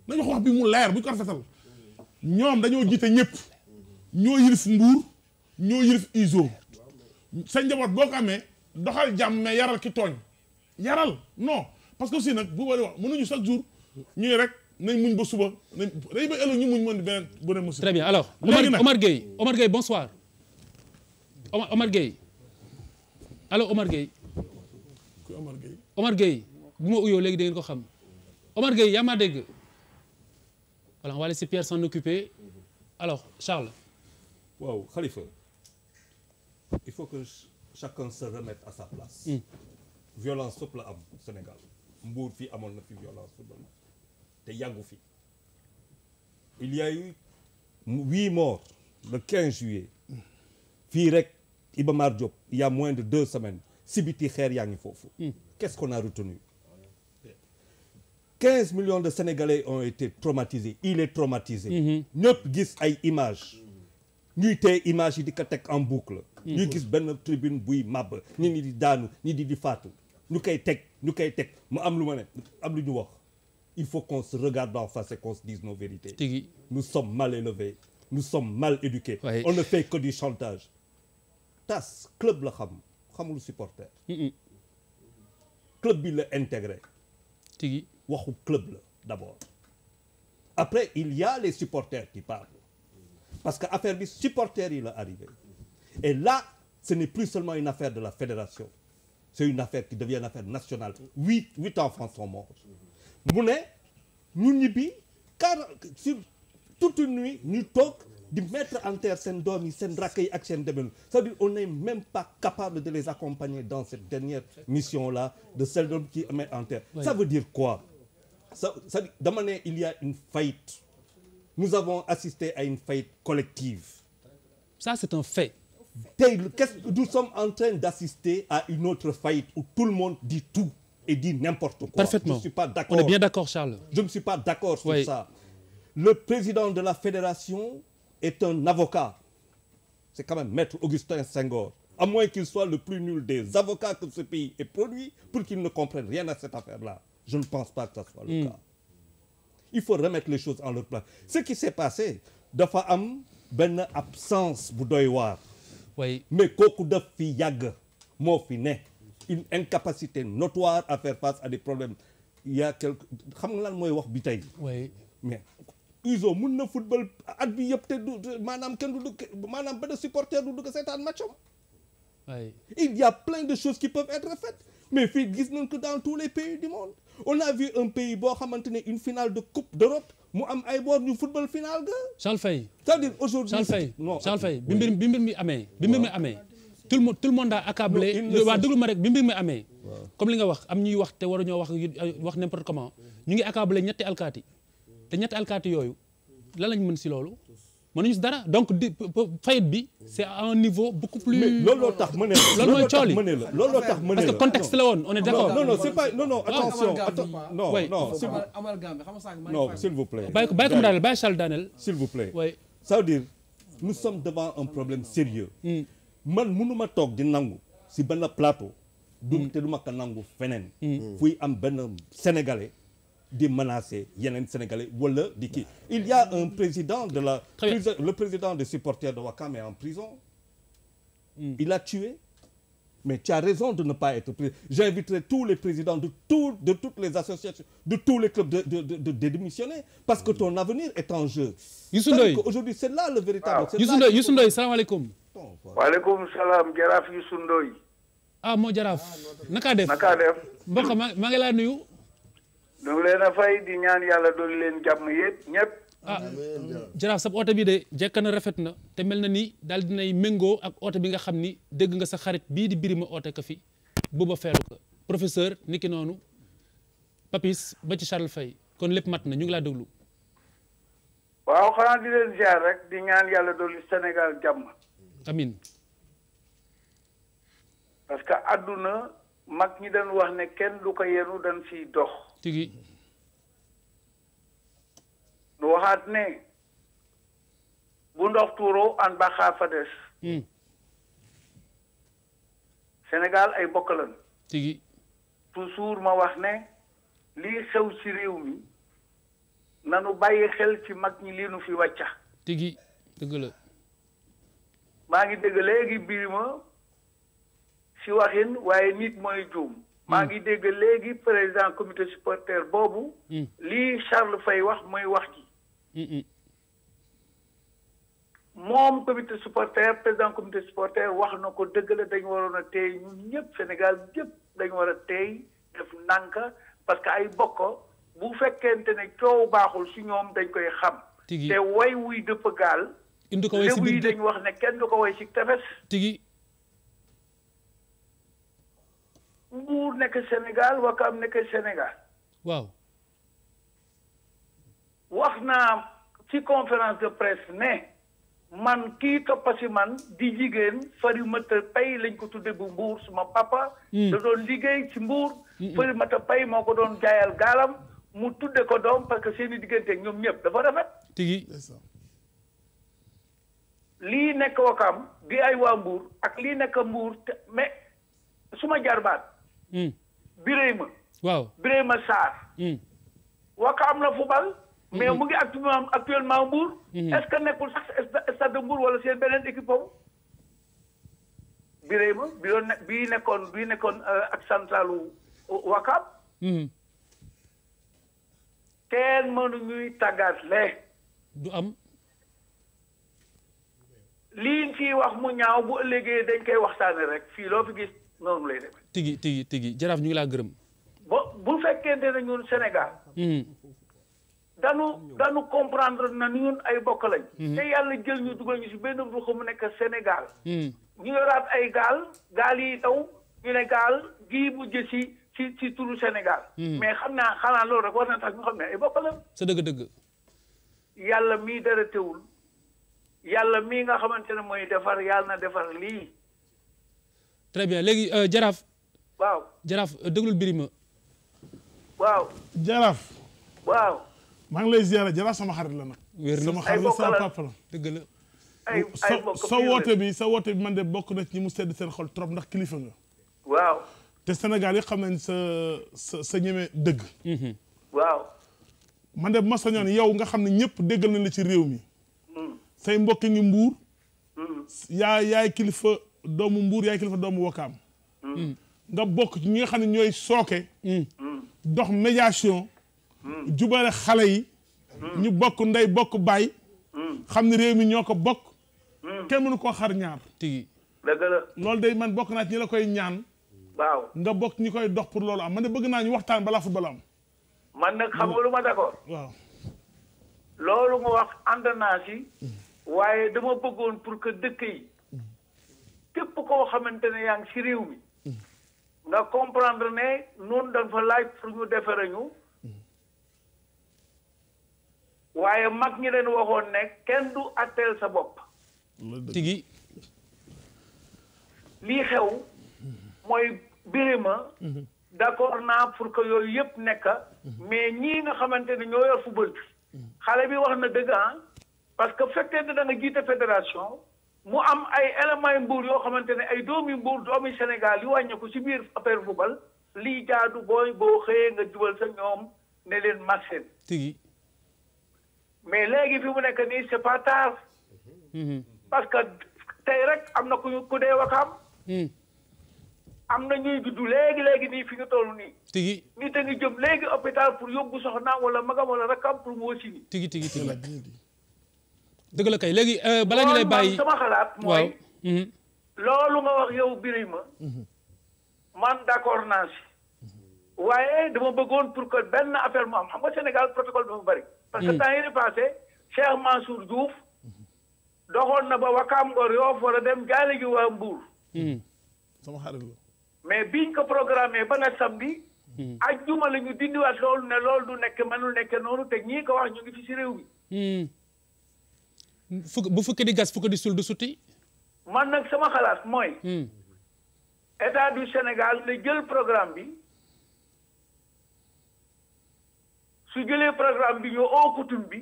nañu wax wax bi mu leer bu ñu ko rafetal ñoom dañoo jiite ñëpp ñoo yilif Mbour ñoo yilif ISO sa njaboot boo ko amee doxal jàmm mais yaral ki tooñ. yaral non parce que aussi nag bu bari wax mënuñu chaque jour ñuy rek nañ muñ ba suba nañ day ba ëllëg ñu muñ mën beneen beneen musiba. très bien alors Omar Gueye Omar Gueye bonsoir Omar Gueye allo Omar Gueye. bu ma uyoo léegi da ngeen ko xam Omar Gueye yaa ma dégg voilà on va laisser Pierre s'en occuper alors Charles. waaw Khalifa il faut que chacun se remette à sa place. Hmm. violence fépp la am Sénégal Mbour fii amoon na fi violence fépp te yàggu fi il y a eu huit morts le juillet fii rek Iba Mar Diop il y a moins de deux semaines si biti xeer yaa ngi foofu hmm. qu'est-ce qu'on a retenu 15 de Sénégalais ont été traumatisés il est traumatisé hmm. ñëpp gis ay images ñuy tee image yi di ko teg en boucle hmm. ñuy gis benn tribune buy màbb ñi ni di daanu ñi di di faatu ñu koy teg ñu koy teg mu am lu ma ne am lu ñu wax il faut qu'on se regarde en face et qu'on se dise nos vérités tigi nous sommes mal élevés nous sommes mal éduqués on ne fait que du chantage tas club la xam xamul supporter club bi la intégré tigi waxu club la d'abord après il y a les supporters qui parlent parce que affaire bi supporters yi la arrivé et là ce n'est plus seulement une affaire de la fédération c'est une affaire qui devient une affaire nationale huit huit enfants sont morts mu ne ñu ñibbi car sur toute nuit ñu toog di mettre en terre seen doom yi seen rakk yi ak seen demenu c'est-à-dire on n'est même pas capable de les accompagner dans cette dernière mission là de celle d'homme qui met en terre oui. ça veut dire quoi ça ça dama ne il y a une faillite nous avons assisté à une faillite collective ça c'est un fait tey qu'est-ce que nous sommes en train d'assister à une autre faillite où tout le monde dit tout et dit n'importe quoi. Parfaitement. Je ne suis pas d'accord. On est sur oui. Le président de la fédération est un avocat. C'est quand même Maître Augustin Senghor. À moins qu'il soit le plus nul des avocats que ce pays ait produit pour qu'il ne comprenne rien à cette affaire-là. Je ne pense pas que ça soit le mm. cas. Il faut remettre les choses en leur place. Ce qui s'est passé dafa am benn absence bu doy waar. oui mais kooku daf fi yàgg moo fi ne une incapacité notoire à faire face à des problèmes il y xam nga lan mooy wax bi tey. oui mais. Uzo mun na football at bi yëpp te du maanaam kenn du dugg maanaam benn supporter du dugg seetaan match am. oui il y a de choses qui peuvent être faites mais fii gis nañ ko dans tous les pays du monde on a vu un pays boo xamante ne une finale de coupe d'Europe mu am ay boor ñu football final ga. Charles Faye. c'est-à-dire aujourd'hui Charles Faye bi mbir mi amee. bi mbir mi amee. tout le monde tout le monde a accablé. waa déglu ma rek bi mbir mi amee. comme li nga wax am ñuy wax te war a ñoo wax wax n'importe comment. ñu ngi accablé ñetti alkaati. te ñetti alkaati yooyu. lan lañ mën si loolu. mënuñu si dara donc di fayit bi c' est à un niveau beaucoup plus. looloo tax ma ne la looloo tax ma ne la looloo tax ma ne la parce que contexte la woon on est d' accord. non non c' est pas non non ah. attention. non non s' il vous plaît. bàyyi ko bàyyi ko mu daaneel bàyyi Charles daaneel. s' il vous sa oui ça veut dire nous sommes devant un problème sérieux hmm. man mënu ma toog di nangu si benn plateau. Hmm. du te ma ko nangu feneen. Hmm. fuy am benn sénégalais. de menacer yeneen sénégalais wala di kii il y a un président de la président des supporters de Ouakam est en prison hmm. il a tué mais tu as raison de ne pas être président j'inviterai tous les présidents de tout de toutes les associations de tous les clubs de de de, de, de démissionner parce que hmm. ton avenir est en jeu Youssou aujourd'hui c'est là le véritable Youssou Ndoye Youssou ah, Ndoye salaamaaleykum waaleykum salaam ah moo jaraaf naka def naka def mbokk du leen a fay di ñaan yàlla doon leen jàmm yépp ñëpp. ah jaraaf sab oote bi de jekk na rafet na te mel na ni dal dinay méngoo ak oote bi nga xam ni dégg nga sa xarit bii di birima oote ko fi buba feeru ko professeur niki noonu papis ba ci Charles Faye kon lépp mat na ñu ngi laa déglu waaw xanaa di leen ziar rek di ñaan yàlla doolu senegal jàmm amin parce que àdduna mag ñi dañ wax ne kenn du ko yenu dañ siy dox tigi du waxaat ne bu ndox tuuroo an baaxaa fa des hmm. Sénégal ay bokk lañ toujours ma wax ne lii xew ci réew mi nanu bàyyi xel ci mag ñi lii nu fi wàcca tigi dëgg maa ngi dégg léegi birima ci waxin waaye nit mooy juum maa ngi dégg léegi président comité supporter boobu. Hmm. lii Charles fay wax mooy wax ci. Hmm, hmm. moom comité supporter président comité supporter wax na ko dëgg la dañu waroon a teey ñun ñëpp Sénégal ñëpp dañ war a teey def nànka parce que ay bokk bu fekkente ne coow baaxul si ñoom dañ koy xam. te way wuy dëpp gaal. indi ko way wax ne kenn du ko way si tefes. tigi Mbour nekk Sénégal Wakam nekk Sénégal. waaw. wax naa ci conférence de presse ne man kii toppa si man di jigéen Farimata Pay lañ ko tudde bu Mbour suma papa. Hmm. da doon liggéey ci Mbour. Hmm, hmm. Farimata Pay moo ko doon jaayal gaalam mu tudde ko doom parce que seeni i diggante ñoom ñëpp dafa rafet. tigi lii nekk Wakam bi ay waa Mbour ak lii nekk Mbour mais suma jarbaat. Hmm. Birayma. waaw Birayma Sarr. Hmm. Wakaam la fubal. mais hmm. mu ngi actuellement actuellement Mbour. est-ce que nekkul sax stade de Mbour wala see beneen équipe boobu. Birayma bi doon nekkoon bii nekkoon euh, ak centralu Wakaam. kenn mënuñuy tàggat le du am. liñ ciy wax mu ñaaw bu ëllëgee dañ koy waxtaane rek fii loo fi gis noonu lay demee. tigi tigi tigi jaraaf ñu ngi laa gërëm. bo bu fekkente ne ñun Sénégal. Hmm. daanu daanu comprendre na ni ñun ay bokk lañ. Hmm. te yàlla jël ñu dugal ñu si benn ruq mu nekk Sénégal. Hmm. ñu yoraat ay gaal gaal yi taw ñu ne gaal gii bu ci ci turu Sénégal. mais xam naa xanaa loolu rek war na tax ñu xam ne ay bokk lañ. sa dëgg-dëgg. yàlla mii dara teewul yàlla mii nga xamante ne mooy defar yàlla na defar lii. très bien léegi euh, jaraaf. waaw jaraaf déglul birima jaraaf waaw maa ngi lay ziyaara jaraaf sama xarit la nag sama xarit la sama papa la sa woote bi sa woote bi man de bokk na ci ñi mu sedd seen xol trop ndax kilifa nga te Sénégal yi xam nañ sa sa ñeme dëgg mhm. man de ma sañoon yow nga xam ne ñëpp déggal nañ la ci réew mi mm. say mbokki ngi mbuur mm. yaay kilifa doomu mbuur yaay kilifa doomu wakaam mm. nga bokk ci ñi nga xam ne ñooy sooke. Mm. dox médiation. Mm. jubale xale yi. Mm. ñu bokk ndey bokk baay. xam ne réew mi ñoo ko bokk. kenn mënu koo xar ñaar. tigi dëgg la loolu day man bokk naa ci ñi la koy ñaan. waaw nga bokk ñu koy dox pour loolu am man de bëgg naa ñu waxtaan balaa football am. man nag xam ma d'accord. waaw. loolu nga wax ànd naa si. waaye dama bëggoon pour que dëkk yi. képp koo xamante ne yaa ngi si réew mi. nga comprendre ne noonu da nga fa laaj pour ñu defere ñu waaye mag ñi leen waxoon nekk kenn du atteel sa bopp. tigi lii xew mooy Birima. d'accord naa pour que yooyu yëpp nekk. mais ñii nga xamante ni ñoo yor football bi. xale bi wax na dëgg ah. parce que bu fekkee ne da nga jiite fédération. mu am ay éléments yu mbuur yoo xamante ne ay doomi mbuur doomi Sénégal yu wàññeeku si biir affaire football lii jaadu booy boo xëyee nga jubal sa ñoom ne leen marché tigi mais léegi fi mu nekk nii c'est pas tard mm-hmm. parce que tey rek am na ku ku dee wakaam mm. am na ñuy juddu léegi léegi nii fi nga toll nii. tigi nit a ngi jëm léegi hôpital pour yóbbu soxnaam wala magam wala rakam pour mu wóor si nii. tigi tigi tigi. dëgg la kay léegi euh, bala ñu lay bàyyi sama xalaat mhm. loolu ma wax yow Birima mhm. man d'accord naa si mhm. waaye dama bëggoon pour que benn affaire mu am xam nga Sénégal protocole dafa bari parce que temps yi passé Cheikh Mansour Diouf doxoon na ba Wakaam Ngor Yoff war a dem jaale ji waa Mbour sama xarit mais biñ ko programmé ba na samedi ajjuma la ñu dindiwaat loolu ne loolu du nekk mënul nekke noonu te ñii ko wax ñu ngi fi si réew mi fukk bu fukki di gas fukki di sul du suti. man nag sama xalaat mooy. Hmm. état du Sénégal la jël programme bi su jëlee programme bi ñu oo coutume bi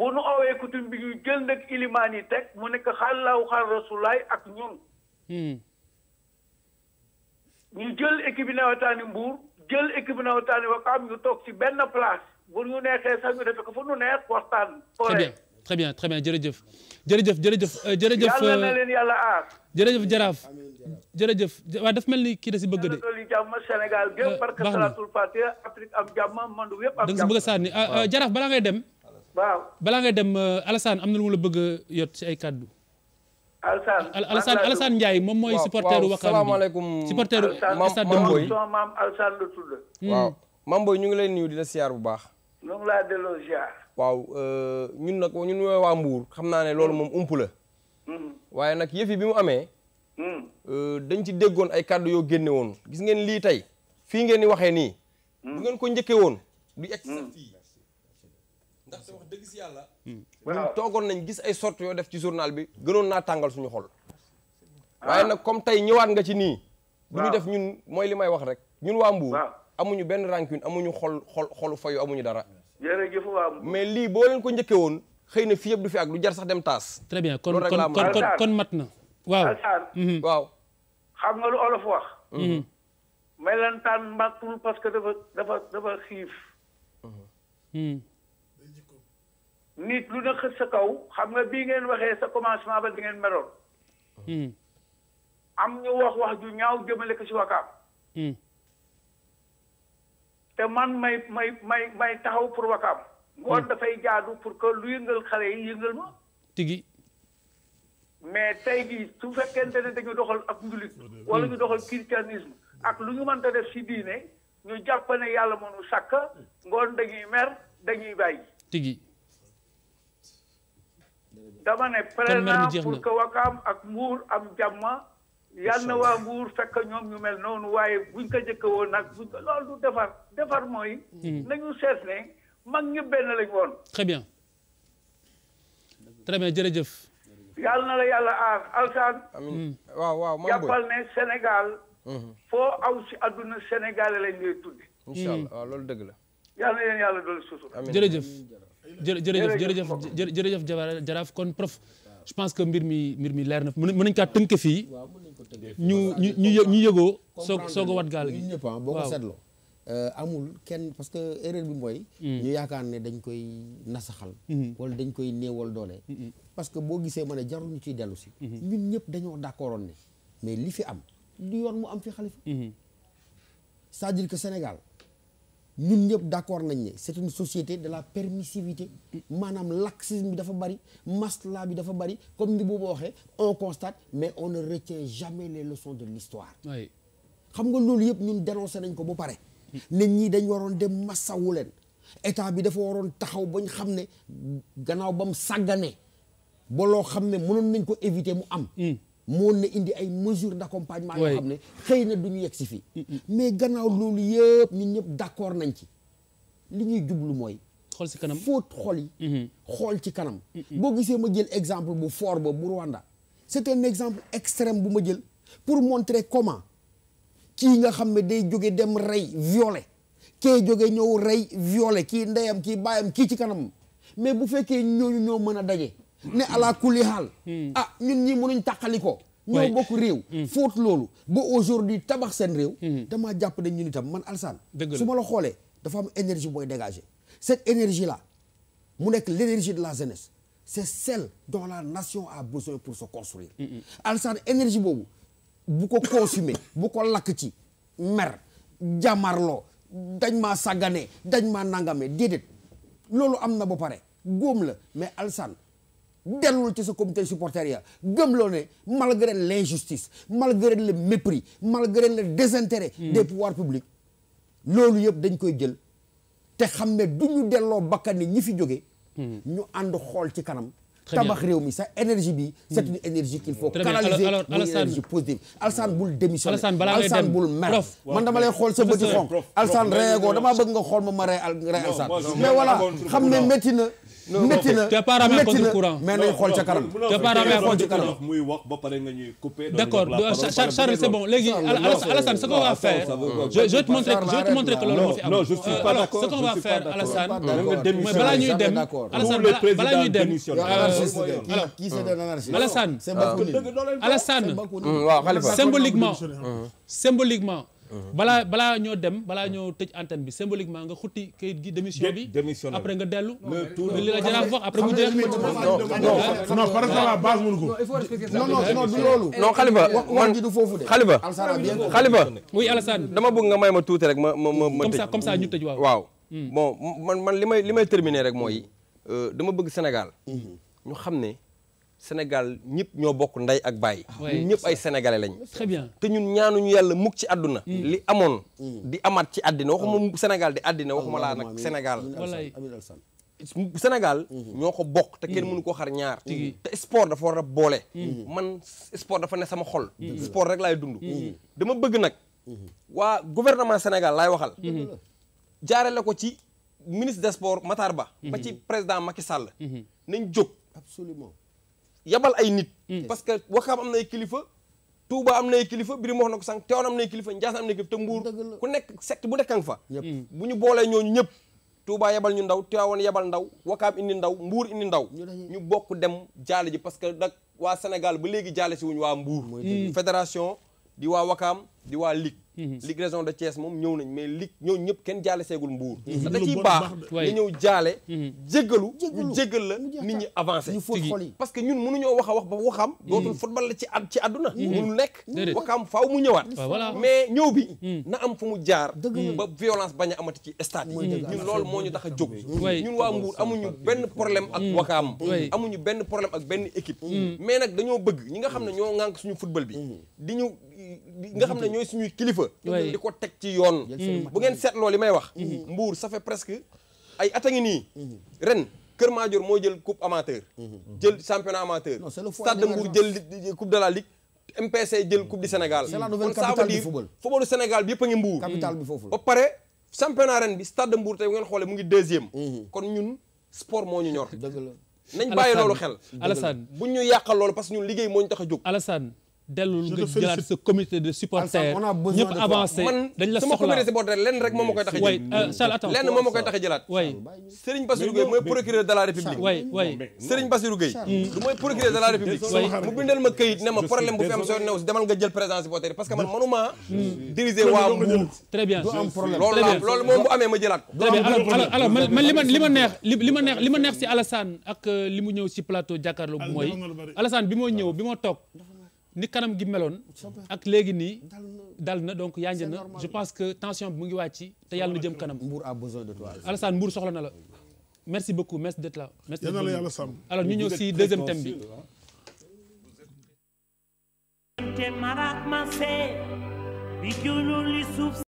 bu nu oowee coutume bi ñu jël nag ilimaan yi teg mu nekk xàllaaw xal rasulaay ak ñun. Hmm. ñu jël équipe nawetaani Mbour jël équipe nawetaani Wakaam ñu toog ci benn place. bu ñu neexee sax ñu defe ko fu neex waxtaan. très bien très jërëjëf. jërëjëf jërëjëf euh, yàlla euh, na leen jërëjëf jaraaf jërëjëf mel ni kii da si bëgg de. Sénégal gépp parce euh, que salatul fatiha Afrique am jàmm mandu yëpp am jàmm. a sànni ah, jaraaf balaa ngay dem. waaw balaa am na lu mu la bëgg a yot si ay kàddu. Alassane Alassane Alassane moom mooy. supporteru Wakaam bi salaamaaleykum. supporteru stade de Mboy maam Alassane la tudd. Hmm. waaw maam ñu ngi lay nuyu di la siyaar bu baax. noonu laa delloo ziar. waaw euh, ñun nag ñun waa Mbour xam naa ne loolu moom ump la. Hmm. waaye nag yëfi bi mu amee. Hmm. Euh, dañ ci déggoon ay kàddu yoo génne woon gis ngeen lii tey fii ngeen di waxee nii. Hmm. bu ngeen ko njëkkee woon. du egg sax fii si yàlla. ñun toogoon nañ gis ay sortes yoo def ci journal bi gënoon naa tàngal suñu xol. Ah. waaye nag comme tey ñëwaat nga ci nii. du def ñun mooy li may wax rek ñun waa Mbour. amuñu benn rancune amuñu xol xol xolu fayu amuñu dara. waaw. mais lii boo leen ko njëkkee woon xëy na fii yëpp du fi ak du jar sax dem taas. très bien kon kon kon kon mat na. waaw mhm. waaw. xam nga lu olof wax. Mhm. melentaan màttul parce que dafa dafa dafa xiif. Mhm. nit lu na xës sa kaw xam nga bii ngeen waxee sa commencement ba di ngeen meroon. am ñu wax wax ju ñaaw jëmale ko si wakaam. te man may may may may taxaw pour wakaam ngoon mm. dafay jaadu pour que lu yëngal xale yi yëngal ma tigi mais tey jii su fekkente ne dañu doxal ak njulit wala ñu doxal christianisme ak lu ñu mënta def ci diine ñu jàpp ne yàlla mënu sàkk ngoon dañuy mer dañuy bàyyi tigi dama ne pare naa pour que wakaam ak mbuur am jàmma yàlla na waa Mbuur fekk ñoom ñu mel noonu waaye buñ ko jëkk woon nag buñ ko loolu du defar defar mooy. Hmm. nañu seet ne mag ñëpp benn lañ woon. très bien très bien jërëjëf. yàlla na la yàlla aar alsaan. Hmm. waaw waaw man jàppal ne Sénégal. Hmm. foo aw si àdduna sénégalais lañ lay tuddi. incha allah waaw loolu dëgg la. yàlla na leen yàlla doon sutur. amiin jërëjëf jërëjëf jërëjëf jërëjëf jaraaf kon prof. je pense que mbir mi mbir mi leer na mën nañ kaa tënk fii. ñu ñu ñu ñu yëgoo. soog soo a wat gaal gi ñëpp ah, boo ko euh, amul kenn parce que erreur bi mooy. Hmm. ñu yaakaar ne dañ koy nasaxal. Hmm. wala dañ koy néewal doole. Hmm, parce que boo gisee ma ne jaruñu ñu ciy dellu si. ñun ñëpp dañoo d'accordoon ne mais li fi am du yoon mu am fi xalifa. c'est-à-dire que Sénégal. ñun ñëpp d'accord nañ ne c'est une société de la permissivité maanaam laxisme bi dafa bari masla bi dafa bari comme ni boobu waxee on constate mais on ne retient jamais les leçons de l'histoire xam nga loolu yëpp ñun dénoncé nañ ko ba pare nit ñi dañ waroon dem massawu leen état bi dafa waroon taxaw bañ xam ne gannaaw ba mu sàgganee ba loo xam ne mënoon nañ ko éviter mu am hmm. moon na indi ay mesures d'accompagnement yoo xam ne xëy na du ñu yegg si fii mais gannaaw loolu yëpp ñun ñëpp d'accord nañ ci li ñuy jublu mooy xool si kanam fóot xool yi mm-hmm. xool ci kanam boo gisee ma jël exemple bu fort ba bu Rwanda c'est un exemple extrême bu ma jël pour montre comment kii nga xam ne day jóge dem rey violer kee jóge ñëw rey violer kii ndeyam kii baayam kii ci kanam mais bu fekkee ñooñu ñoo mën a daje ne ala kulli xaal hmm. ah ñun ñi mënuñ tàqali ko ñoo bokk réew hmm. fóot loolu ba aujourd'hui tabax seen réew hmm. damaa jàpp ne ñun itam man Alassane su ma la xoolee dafa am énergie booy dégager cette énergie là mu nekk l'énergie de la jeunesse c'est celle dont la nation a besoin pour énergie boobu bu ko consumer [coughs] bu ko lakk ci mer jàmmarloo dañ maa sàgganee dañ maa nangamee déedéet loolu am na ba pare góom la mais Alassane dellul ci sa comité supporter ya gëmloo ne malgré l'injustice malgré le mépris malgré le désintérêt hmm. des pouvoirs publics loolu yëpp dañ koy jël te xam ne du ñu delloo bakkan ni ñi fi jóge hmm. ñu ànd xool ci kanam tabax réew mi sa énergie bi hmm. c'est une énergie qu'il faut canaliser une énergie positive Alsaan bul démissionner Alsaan bul mer man dama lay xool sa bëti xonq Alsaan reegoo damaa bëgg nga xool ma ma rey al Alsaan mais voilà xam ne métti na métti na mais nañ xool ca kanam. nañ xool ca Charles c'est bon léegi Alassane ce qu'on va faire. je te montrer je vais montrer euh, ce qu'on va faire Alassane. mais balaa ñuy dem Alassane balaa ñuy dem. alors symboliquement symboliquement. Mhm. balaa balaa ñoo dem balaa ñoo tëj antenne bi symboliquement nga xutti kayit gi démission bi après nga dellu li la jaraaf wax après mu jeex non par exemple la base mënu ko non non non du loolu non xalifa man ji du foofu de xalifa xalifa oui Alassane dama bëgg nga may ma tuuti rek ma ma ma ma tëj comme ça ñu tëj waaw hmm. bon man man li may li may terminer rek mooy euh, dama bëgg Sénégal hmm. ñu xam ne Sénégal ñëpp ñoo bokk ndey ak baay. ñun ñëpp ay sénégalais lañ. très te ñun ñaanuñu yàlla mukk ci àdduna. Hmm. li amoon hmm. di amaat ci àddina hmm. waxuma Sénégal di àddina waxuma laa nag Sénégal. Sénégal ñoo ko bokk te kenn mënu koo xar ñaar te sport dafa war a boole man sport dafa ne sama xol sport rek laay dund dama bëgg nag waa gouvernement Sénégal laay waxal jaarale ko ci ministre de sports Matar Ba ba ci président Macky Sall nañ jóg absolument yabal ay nit hmm. parce que waxaam am na ay kilifa Touba am na ay kilifa biri moo na ko sànq Tivaouane am na ay kilifa Ndiassane am na ay kilifa te Mbour ku nekk secte bu nekkang fa hmm. bu ñu boolee ñooñu ñëpp Touba yabal ñu ndaw Tivaouane yabal ndaw Wakaam indi ndaw mbuur indi ndaw ñu bokk dem jaale ji parce que nag waa Sénégal ba léegi jaale si wuñu waa Mbour hmm. fédération di waa Wakaam di waa Ligue Mhm. ligue région de Thiès moom ñëw nañ mais ligue ñëw ñëpp kenn jaale seegul mbuur mhm. da ciy baax nga ñëw jaale mhm. jéggalu ñu jéggal la nit ñi avancé parce que ñun mënuñoo wax a wax ba waxam dootul football la ci at ci àdduna mënul nekk waxam faw mu ñëwaat mais ñëw bi na am fu mu jaar ba violence bañ a amati ci stade yi ñun loolu moo ñu tax a jóg ñun waa mbuur amuñu benn problème ak wakaam amuñu benn problème ak benn équipe mais nag dañoo bëgg ñi nga xam ne ñoo ŋànk suñu football bi nga xam ne ñooy suñuy kilifa di ko teg ci yoon bu ngeen seetloo li may wax mm-hmm. Mm-hmm. mbuur safe fait presque ay at a ngi nii mm-hmm. ren Kër Madior moo jël coupe amateur jël championnat amateur Stade de Mbour jël coupe de la ligue MPC jël coupe du Sénégal c'est la nouvelle capitale du football footballu Sénégal bi yëpp a ngi mbuur bi foofu ba pare championnat ren bi Stade de Mbour tey bu ngeen xoolee mu ngi deuxième kon ñun sport moo ñu ñor dëgg la nañ bàyyi loolu xel Alassane buñ ñu yàqal loolu parce que ñun liggéey moo tax a jóg Alassane dellul nga jëlaat sa comité de supporters ñëpp avancé dañ la soxla lenn rek moom ma koy tax euh, jëlaat lenn moom ma mooy procureur de la République way way Serigne mm. mu bindal ma këyit ne ma problème bu fi am new demal nga jël présence supporters parce que man manuma diriger waa mu très bien loolu moom bu amee ma jëlaat ma li ma neex si Alassane ak euh, li mu ñëw si plateau jàkkaarloo mooy Alassane bi moo ñëw bi moo toog ni kanam gi meloon ak léegi nii dal na donc yaa ngi na je pense que tension bi mu ngi wàcc te yàlla na jëm kanam. Mbour a besoin de toi. Alassane Mbour soxla na la merci beaucoup merci d'être la yàlla sàmm. alors ñu ñëw si deuxième thème bi.